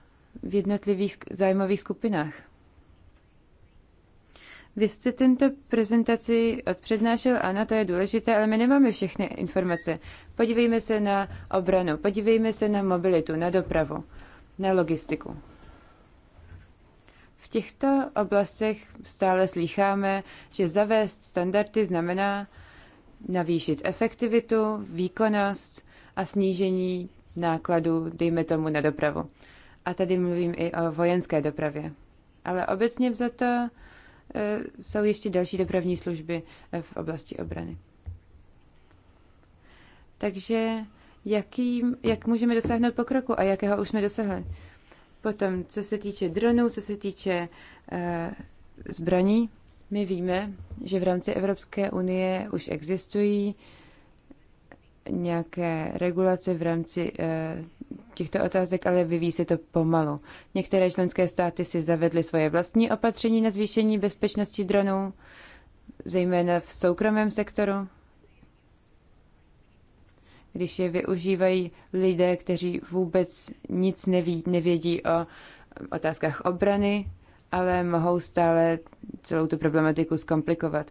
v jednotlivých zájmových skupinách. Vy jste tento prezentaci odpřednášel, ano, to je důležité, ale my nemáme všechny informace. Podívejme se na obranu, podívejme se na mobilitu, na dopravu, na logistiku. V těchto oblastech stále slýcháme, že zavést standardy znamená navýšit efektivitu, výkonnost a snížení nákladů, dejme tomu, na dopravu. A tady mluvím i o vojenské dopravě. Ale obecně vzato Eh, jsou ještě další dopravní služby eh, v oblasti obrany. Takže jaký, jak můžeme dosáhnout pokroku a jakého už jsme dosáhli? Potom, co se týče dronů, co se týče eh, zbraní, my víme, že v rámci Evropské unie už existují nějaké regulace v rámci těchto otázek, ale vyvíjí se to pomalu. Některé členské státy si zavedly svoje vlastní opatření na zvýšení bezpečnosti dronů, zejména v soukromém sektoru, když je využívají lidé, kteří vůbec nic neví, nevědí o otázkách obrany, ale mohou stále celou tu problematiku zkomplikovat.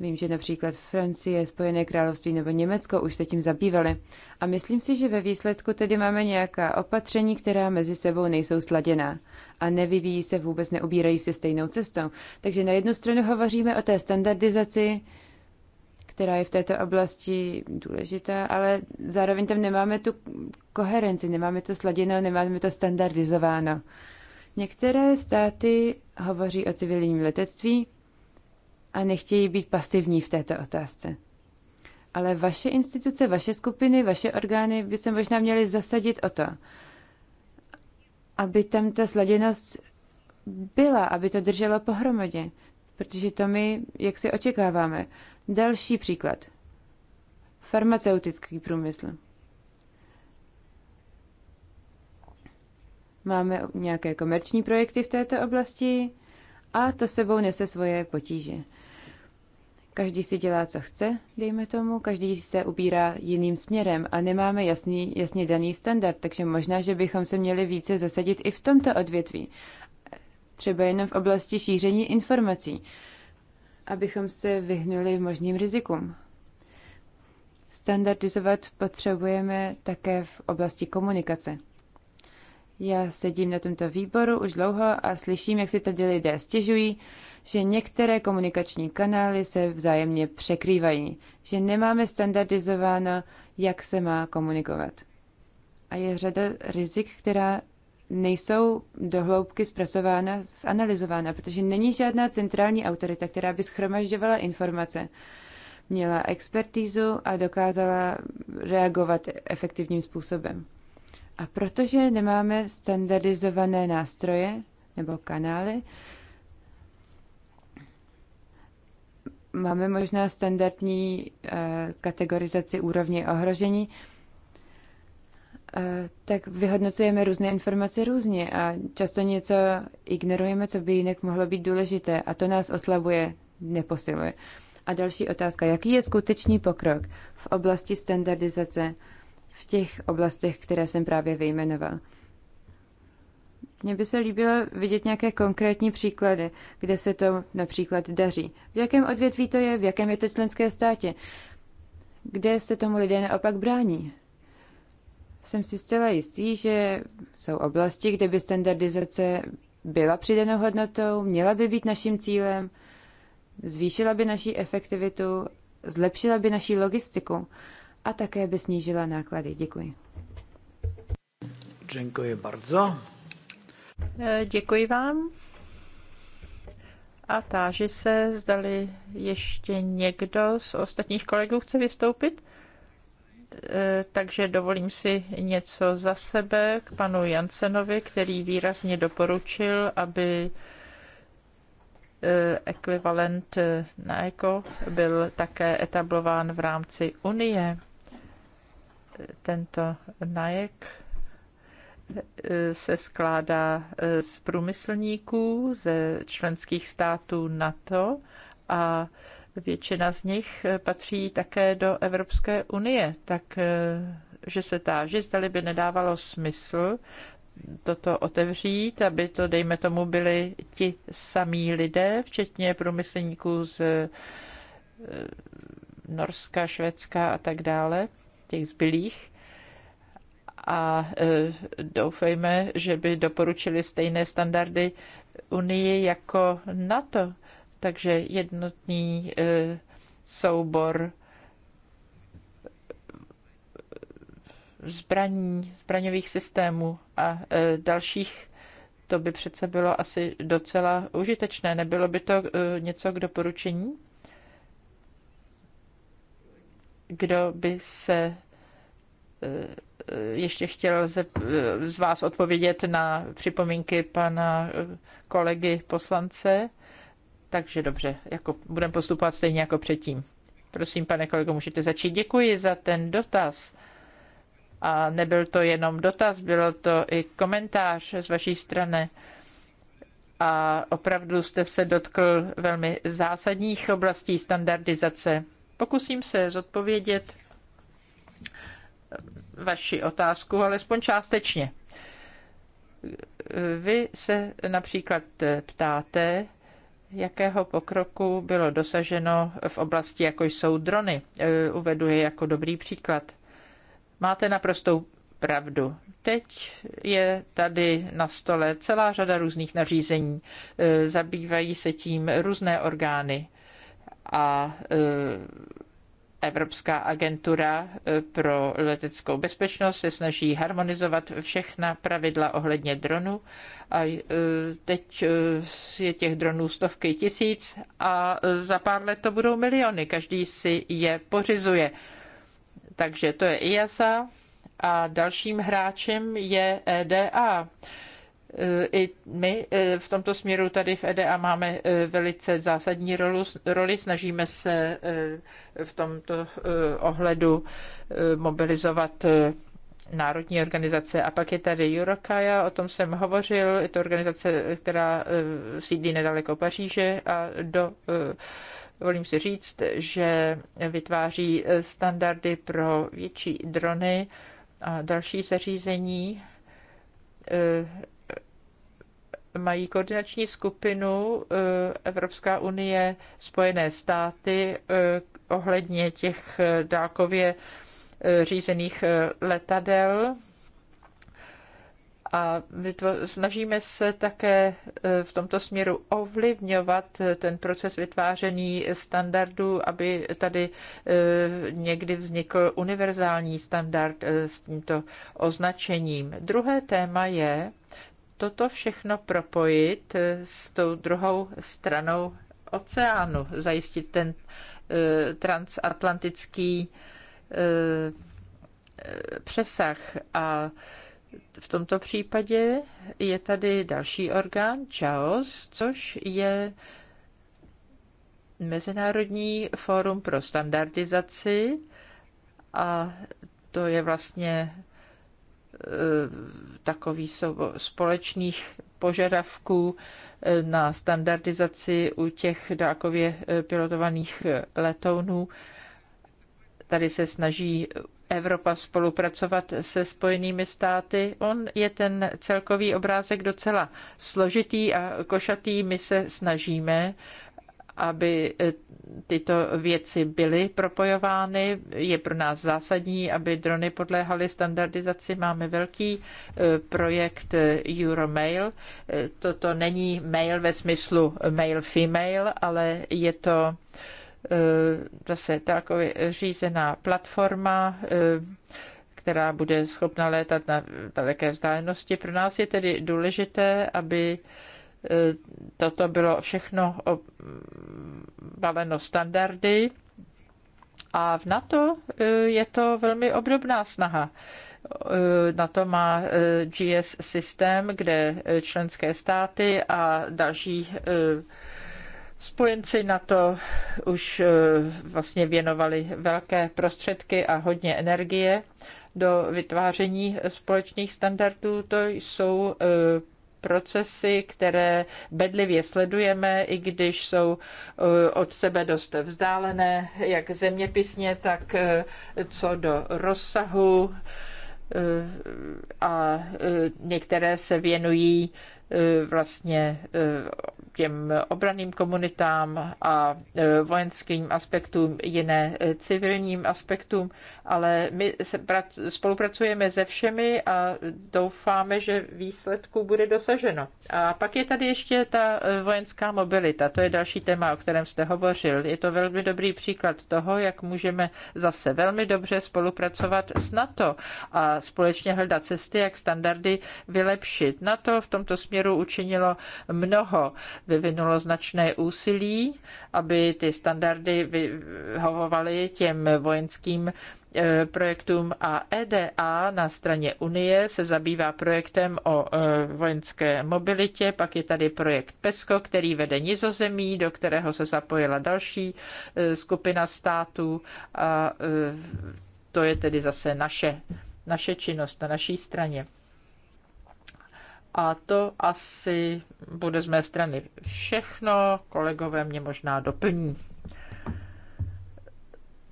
Vím, že například Francie, Spojené království nebo Německo už se tím zabývaly. A myslím si, že ve výsledku tedy máme nějaká opatření, která mezi sebou nejsou sladěná a nevyvíjí se vůbec, neubírají se stejnou cestou. Takže na jednu stranu hovoříme o té standardizaci, která je v této oblasti důležitá, ale zároveň tam nemáme tu koherenci, nemáme to sladěno, nemáme to standardizováno. Některé státy hovoří o civilním letectví, a nechtějí být pasivní v této otázce. Ale vaše instituce, vaše skupiny, vaše orgány by se možná měly zasadit o to, aby tam ta sladěnost byla, aby to drželo pohromadě, protože to my, jak si očekáváme. Další příklad. Farmaceutický průmysl. Máme nějaké komerční projekty v této oblasti a to sebou nese svoje potíže. Každý si dělá, co chce, dejme tomu, každý se ubírá jiným směrem a nemáme jasný, jasně daný standard, takže možná, že bychom se měli více zasadit i v tomto odvětví. Třeba jenom v oblasti šíření informací, abychom se vyhnuli možným rizikům. Standardizovat potřebujeme také v oblasti komunikace. Já sedím na tomto výboru už dlouho a slyším, jak si tady lidé stěžují, že některé komunikační kanály se vzájemně překrývají, že nemáme standardizováno, jak se má komunikovat. A je řada rizik, která nejsou dohloubky zpracována, zanalizována, protože není žádná centrální autorita, která by schromažďovala informace, měla expertízu a dokázala reagovat efektivním způsobem. A protože nemáme standardizované nástroje nebo kanály, Máme možná standardní eh, kategorizaci úrovně ohrožení, eh, tak vyhodnocujeme různé informace různě a často něco ignorujeme, co by jinak mohlo být důležité a to nás oslabuje, neposiluje. A další otázka, jaký je skutečný pokrok v oblasti standardizace v těch oblastech, které jsem právě vyjmenoval? Mně by se líbilo vidět nějaké konkrétní příklady, kde se to například daří. V jakém odvětví to je, v jakém je to členské státě, kde se tomu lidé naopak brání. Jsem si zcela jistý, že jsou oblasti, kde by standardizace byla přidanou hodnotou, měla by být naším cílem, zvýšila by naši efektivitu, zlepšila by naši logistiku a také by snížila náklady. Děkuji.
Dziękuję bardzo.
Eh,
děkuji vám.
A táži se, zdali ještě někdo z ostatních kolegů chce vystoupit. Eh, takže dovolím si něco za sebe k panu Jansenovi, který výrazně doporučil, aby eh, ekvivalent na ECO byl také etablován v rámci Unie. Tento NAEK se skládá e, z průmyslníků ze členských států NATO a většina z nich e, patří také do Evropské unie, takže e, se táží, zdali by nedávalo smysl toto otevřít, aby to, dejme tomu, byli ti samí lidé, včetně průmyslníků z Norska, Švédska a tak dále, těch zbylých, a e, doufejme, že by doporučili stejné standardy Unii jako NATO. Takže jednotný e, soubor e, zbraní, zbraňových systémů a dalších, to by přece bylo asi docela užitečné. Nebylo by to něco k doporučení? Kdo by se Eh, ještě chtěl eh, z vás odpovědět na připomínky pana eh, kolegy poslance. Takže dobře, jako budeme postupovat stejně jako předtím. Prosím, pane kolego, můžete začít. Děkuji za ten dotaz. A nebyl to jenom dotaz, bylo to i komentář z vaší strany. A opravdu jste se dotkl velmi zásadních oblastí standardizace. Pokusím se zodpovědět vaši otázku, alespoň částečně. Vy se například ptáte, jakého pokroku bylo dosaženo v oblasti, jako jsou drony. E, uvedu je jako dobrý příklad. Máte naprostou pravdu. Teď je tady na stole celá řada různých nařízení. E, zabývají se tím různé orgány a e, Evropská agentura eh, pro leteckou bezpečnost se snaží harmonizovat všechna pravidla ohledně dronu a eh, teď eh, je těch dronů stovky tisíc a za pár let to budou miliony, každý si je pořizuje. Takže to je IASA a dalším hráčem je EDA. I my e, v tomto směru tady v EDA máme e, velice zásadní roli. Snažíme se e, v tomto ohledu mobilizovat národní organizace. A pak je tady Eurokaja, o tom jsem hovořil, je to organizace, která sídlí nedaleko Paříže a do volím si říct, že vytváří standardy pro větší drony a další zařízení mají koordinační skupinu eh, Evropská unie, Spojené státy eh, ohledně těch eh, dálkově řízených letadel. A snažíme se také v tomto směru ovlivňovat ten proces vytváření standardů, aby tady někdy vznikl univerzální standard s tímto označením. Druhé téma je toto všechno propojit eh, s tou druhou stranou oceánu, zajistit ten eh, transatlantický eh, přesah. A v tomto případě je tady další orgán, CHAOS, což je Mezinárodní fórum pro standardizaci a to je vlastně Eh, takový společných požadavků eh, na standardizaci u těch dálkově eh, pilotovaných letounů. Tady se snaží Evropa spolupracovat se Spojenými státy. On je ten celkový obrázek docela složitý a košatý. My se snažíme aby eh, tyto věci byly propojovány. Je pro nás zásadní, aby drony podléhaly standardizaci. Máme velký eh, projekt eh, Euromail. Toto není mail ve smyslu mail female, ale je to zase takově řízená platforma, která bude schopna létat na daleké vzdálenosti. Pro nás je tedy důležité, aby Eh, toto bylo všechno baleno standardy a v NATO eh, je to velmi obdobná snaha. Eh, na to má GS systém, kde členské státy a další spojenci na to už vlastně věnovali velké prostředky a hodně energie do vytváření společných standardů. To jsou procesy, které bedlivě sledujeme, i když jsou uh, od sebe dost vzdálené, jak zeměpisně, tak uh, co do rozsahu uh, a některé se věnují E, vlastně e, těm obraným komunitám a e, vojenským aspektům, jiné civilním aspektům, ale my spolupracujeme se všemi a doufáme, že výsledku bude dosaženo. A pak je tady ještě ta vojenská mobilita, to je další téma, o kterém jste hovořil. Je to velmi dobrý příklad toho, jak můžeme zase velmi dobře spolupracovat s NATO a společně hledat cesty, jak standardy vylepšit. NATO v tomto směru směru učinilo mnoho. Vyvinulo značné úsilí, aby ty standardy vyhovovaly těm vojenským eh, projektům a EDA na straně Unie se zabývá projektem o eh, vojenské mobilitě, pak je tady projekt PESCO, který vede nizozemí, do kterého se zapojila další eh, skupina států a to je tedy zase naše, naše činnost na naší straně. A to asi bude z mé strany všechno. Kolegové mě možná doplní.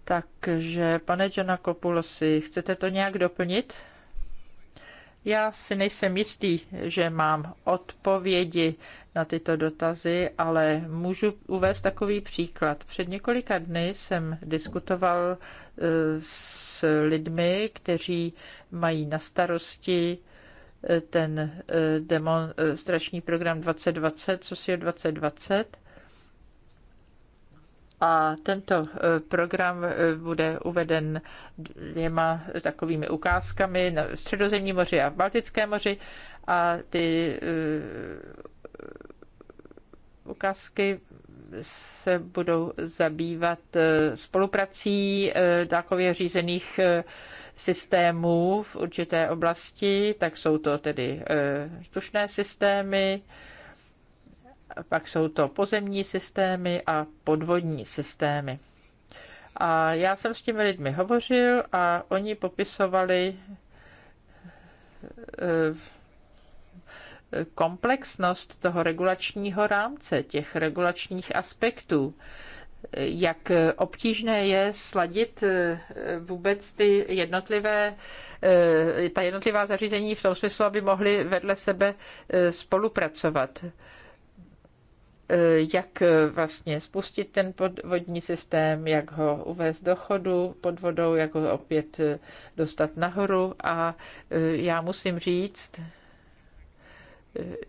Takže, pane Kopulosi, chcete to nějak doplnit? Já si nejsem jistý, že mám odpovědi na tyto dotazy, ale můžu uvést takový příklad. Před několika dny jsem diskutoval eh, s lidmi, kteří mají na starosti ten eh, demonstrační program 2020, co si je 2020. A tento eh, program eh, bude uveden dvěma takovými ukázkami na Středozemní moři a v baltické moři. A ty ukázky se budou zabývat spoluprací dálkově řízených systémů v určité oblasti, tak jsou to tedy e, vzdušné systémy, pak jsou to pozemní systémy a podvodní systémy. A já jsem s těmi lidmi hovořil a oni popisovali e, komplexnost toho regulačního rámce, těch regulačních aspektů jak obtížné je sladit eh, vůbec ty jednotlivé, eh, ta jednotlivá zařízení v tom smyslu, aby mohly vedle sebe eh, spolupracovat jak vlastně spustit ten podvodní systém, jak ho uvést do chodu pod vodou, jak ho opět dostat nahoru. A já musím říct,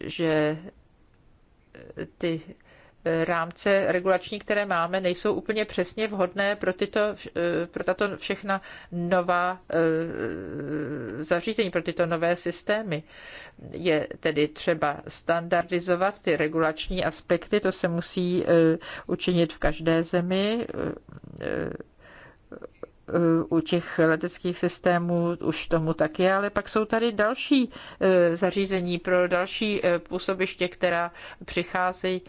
že ty rámce regulační, které máme, nejsou úplně přesně vhodné pro, tyto, pro tato všechna nová eh, zařízení, pro tyto nové systémy. Je tedy třeba standardizovat ty regulační aspekty, to se musí eh, učinit v každé zemi eh, u těch leteckých systémů už tomu tak je, ale pak jsou tady další zařízení pro další působiště, která přicházejí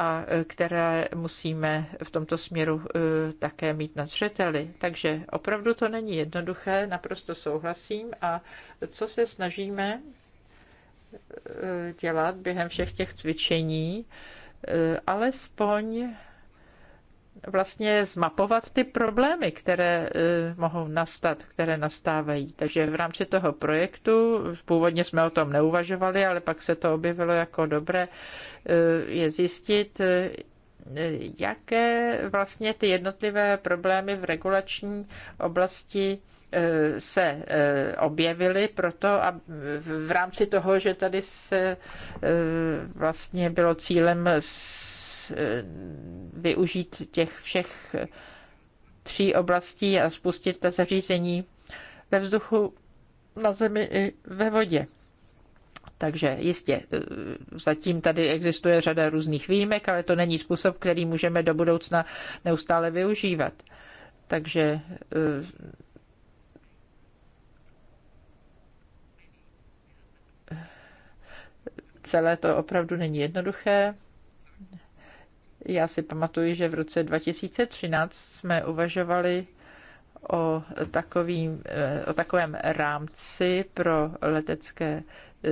a které musíme v tomto směru e, také mít na zřeteli. Takže opravdu to není jednoduché, naprosto souhlasím. A co se snažíme e, dělat během všech těch cvičení, e, alespoň vlastně zmapovat ty problémy, které eh, mohou nastat, které nastávají. Takže v rámci toho projektu, původně jsme o tom neuvažovali, ale pak se to objevilo jako dobré, eh, je zjistit, eh, jaké vlastně ty jednotlivé problémy v regulační oblasti Eh, se eh, objevily proto a v rámci toho, že tady se eh, vlastně bylo cílem využít těch všech tří oblastí a spustit ta zařízení ve vzduchu, na zemi i ve vodě. Takže jistě, zatím tady existuje řada různých výjimek, ale to není způsob, který můžeme do budoucna neustále využívat. Takže celé to opravdu není jednoduché. Já si pamatuju, že v roce 2013 jsme uvažovali o, takovým, eh, o takovém rámci pro letecké eh,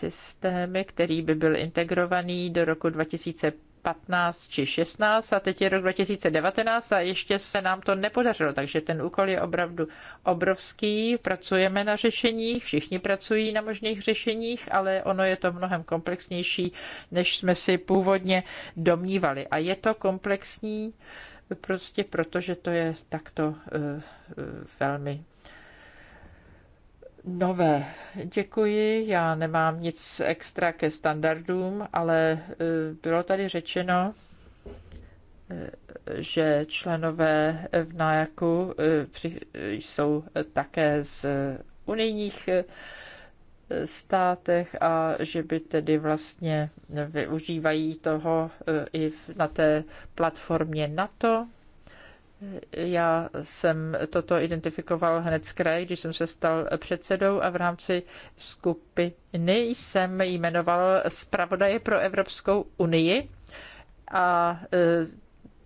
systémy, který by byl integrovaný do roku 2015 15 či 16 a teď je rok 2019 a ještě se nám to nepodařilo, takže ten úkol je opravdu obrovský, pracujeme na řešeních, všichni pracují na možných řešeních, ale ono je to mnohem komplexnější, než jsme si původně domnívali. A je to komplexní prostě proto, že to je takto eh, eh, velmi nové. Děkuji, já nemám nic extra ke standardům, ale e, bylo tady řečeno, e, že členové v nájaku e, jsou také z unijních státech a že by tedy vlastně využívají toho i na té platformě NATO. Já jsem toto identifikoval hned z kraje, když jsem se stal předsedou a v rámci skupiny jsem jmenoval zpravodaje pro Evropskou unii a e,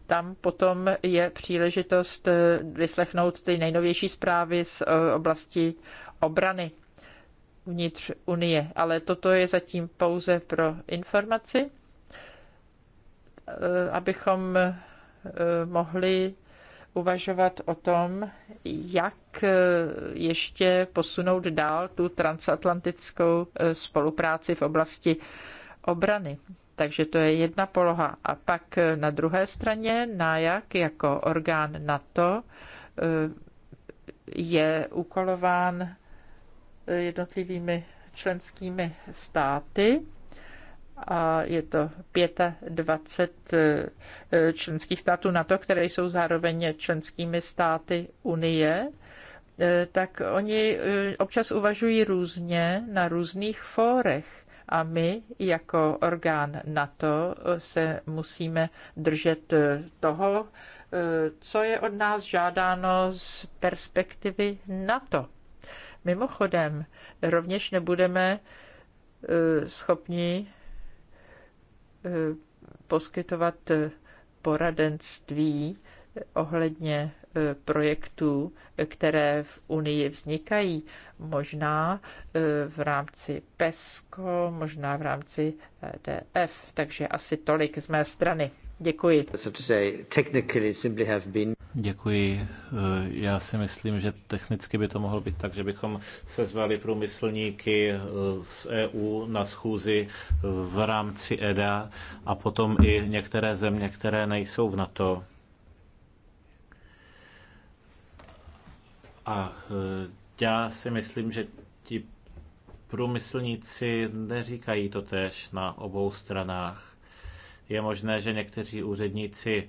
tam potom je příležitost e, vyslechnout ty nejnovější zprávy z e, oblasti obrany vnitř Unie. Ale toto je zatím pouze pro informaci, abychom mohli uvažovat o tom, jak eh, ještě posunout dál tu transatlantickou eh, spolupráci v oblasti obrany. Takže to je jedna poloha. A pak eh, na druhé straně NAJAK jako orgán NATO je úkolován jednotlivými členskými státy a je to 25 eh, eh, členských států NATO, které jsou zároveň členskými státy Unie, eh, tak oni občas uvažují různě na různých fórech. A my jako orgán NATO se musíme držet toho, co je od nás žádáno z perspektivy NATO. Mimochodem, rovněž nebudeme schopni Eh, poskytovat eh, poradenství eh, ohledně projektů, které v Unii vznikají, možná v rámci PESCO, možná v rámci e DF. Takže asi tolik z mé strany. Děkuji.
Děkuji. Eh, já si myslím, že technicky by to mohlo být tak, že bychom sezvali průmyslníky eh, z EU na schůzi eh, v rámci EDA a potom i některé země, které nejsou v NATO. A já si myslím, že ti průmyslníci neříkají to tež na obou stranách. Je možné, že někteří úředníci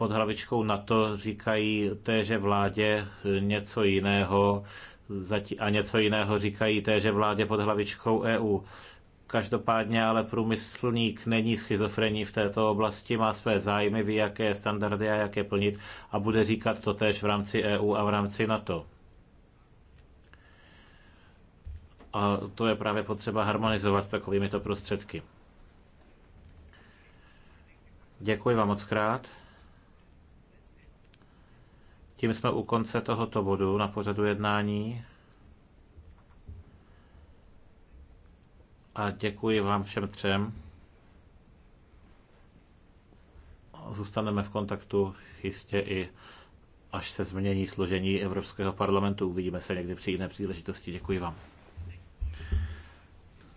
pod hlavičkou NATO říkají téže vládě eh, něco jiného a něco jiného říkají téže vládě pod hlavičkou EU. Každopádně ale průmyslník není schizofrení v této oblasti, má své zájmy, ví, jaké standardy a jaké plnit a bude říkat to též v rámci EU a v rámci NATO. A to je právě potřeba harmonizovat takovými to prostředky. Děkuji vám moc krát. Tím jsme u konce tohoto bodu na pořadu jednání. A děkuji vám všem třem. Zůstaneme v kontaktu jistě i až se změní složení Evropského parlamentu. Uvidíme se někdy při jiné příležitosti. Děkuji vám.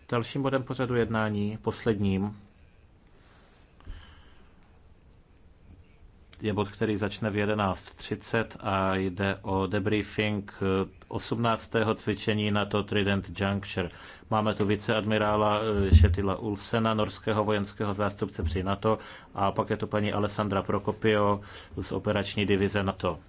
Dalším bodem pořadu jednání, posledním, je bod, který začne v 11.30 a jde o debriefing 18. cvičení na to Trident Juncture. Máme tu viceadmirála eh, Šetila Ulsena, norského vojenského zástupce při NATO a pak je tu paní Alessandra Prokopio z operační divize NATO.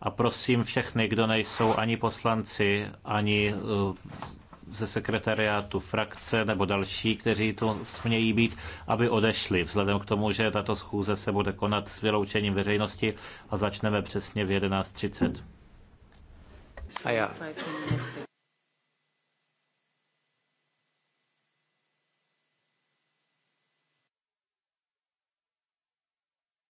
A prosím všechny, kdo nejsou ani poslanci, ani eh, ze sekretariátu frakce nebo další, kteří tu smějí být, aby odešli, vzhledem k tomu, že tato schůze se bude konat s vyloučením veřejnosti a začneme přesně v 11.30.
A já.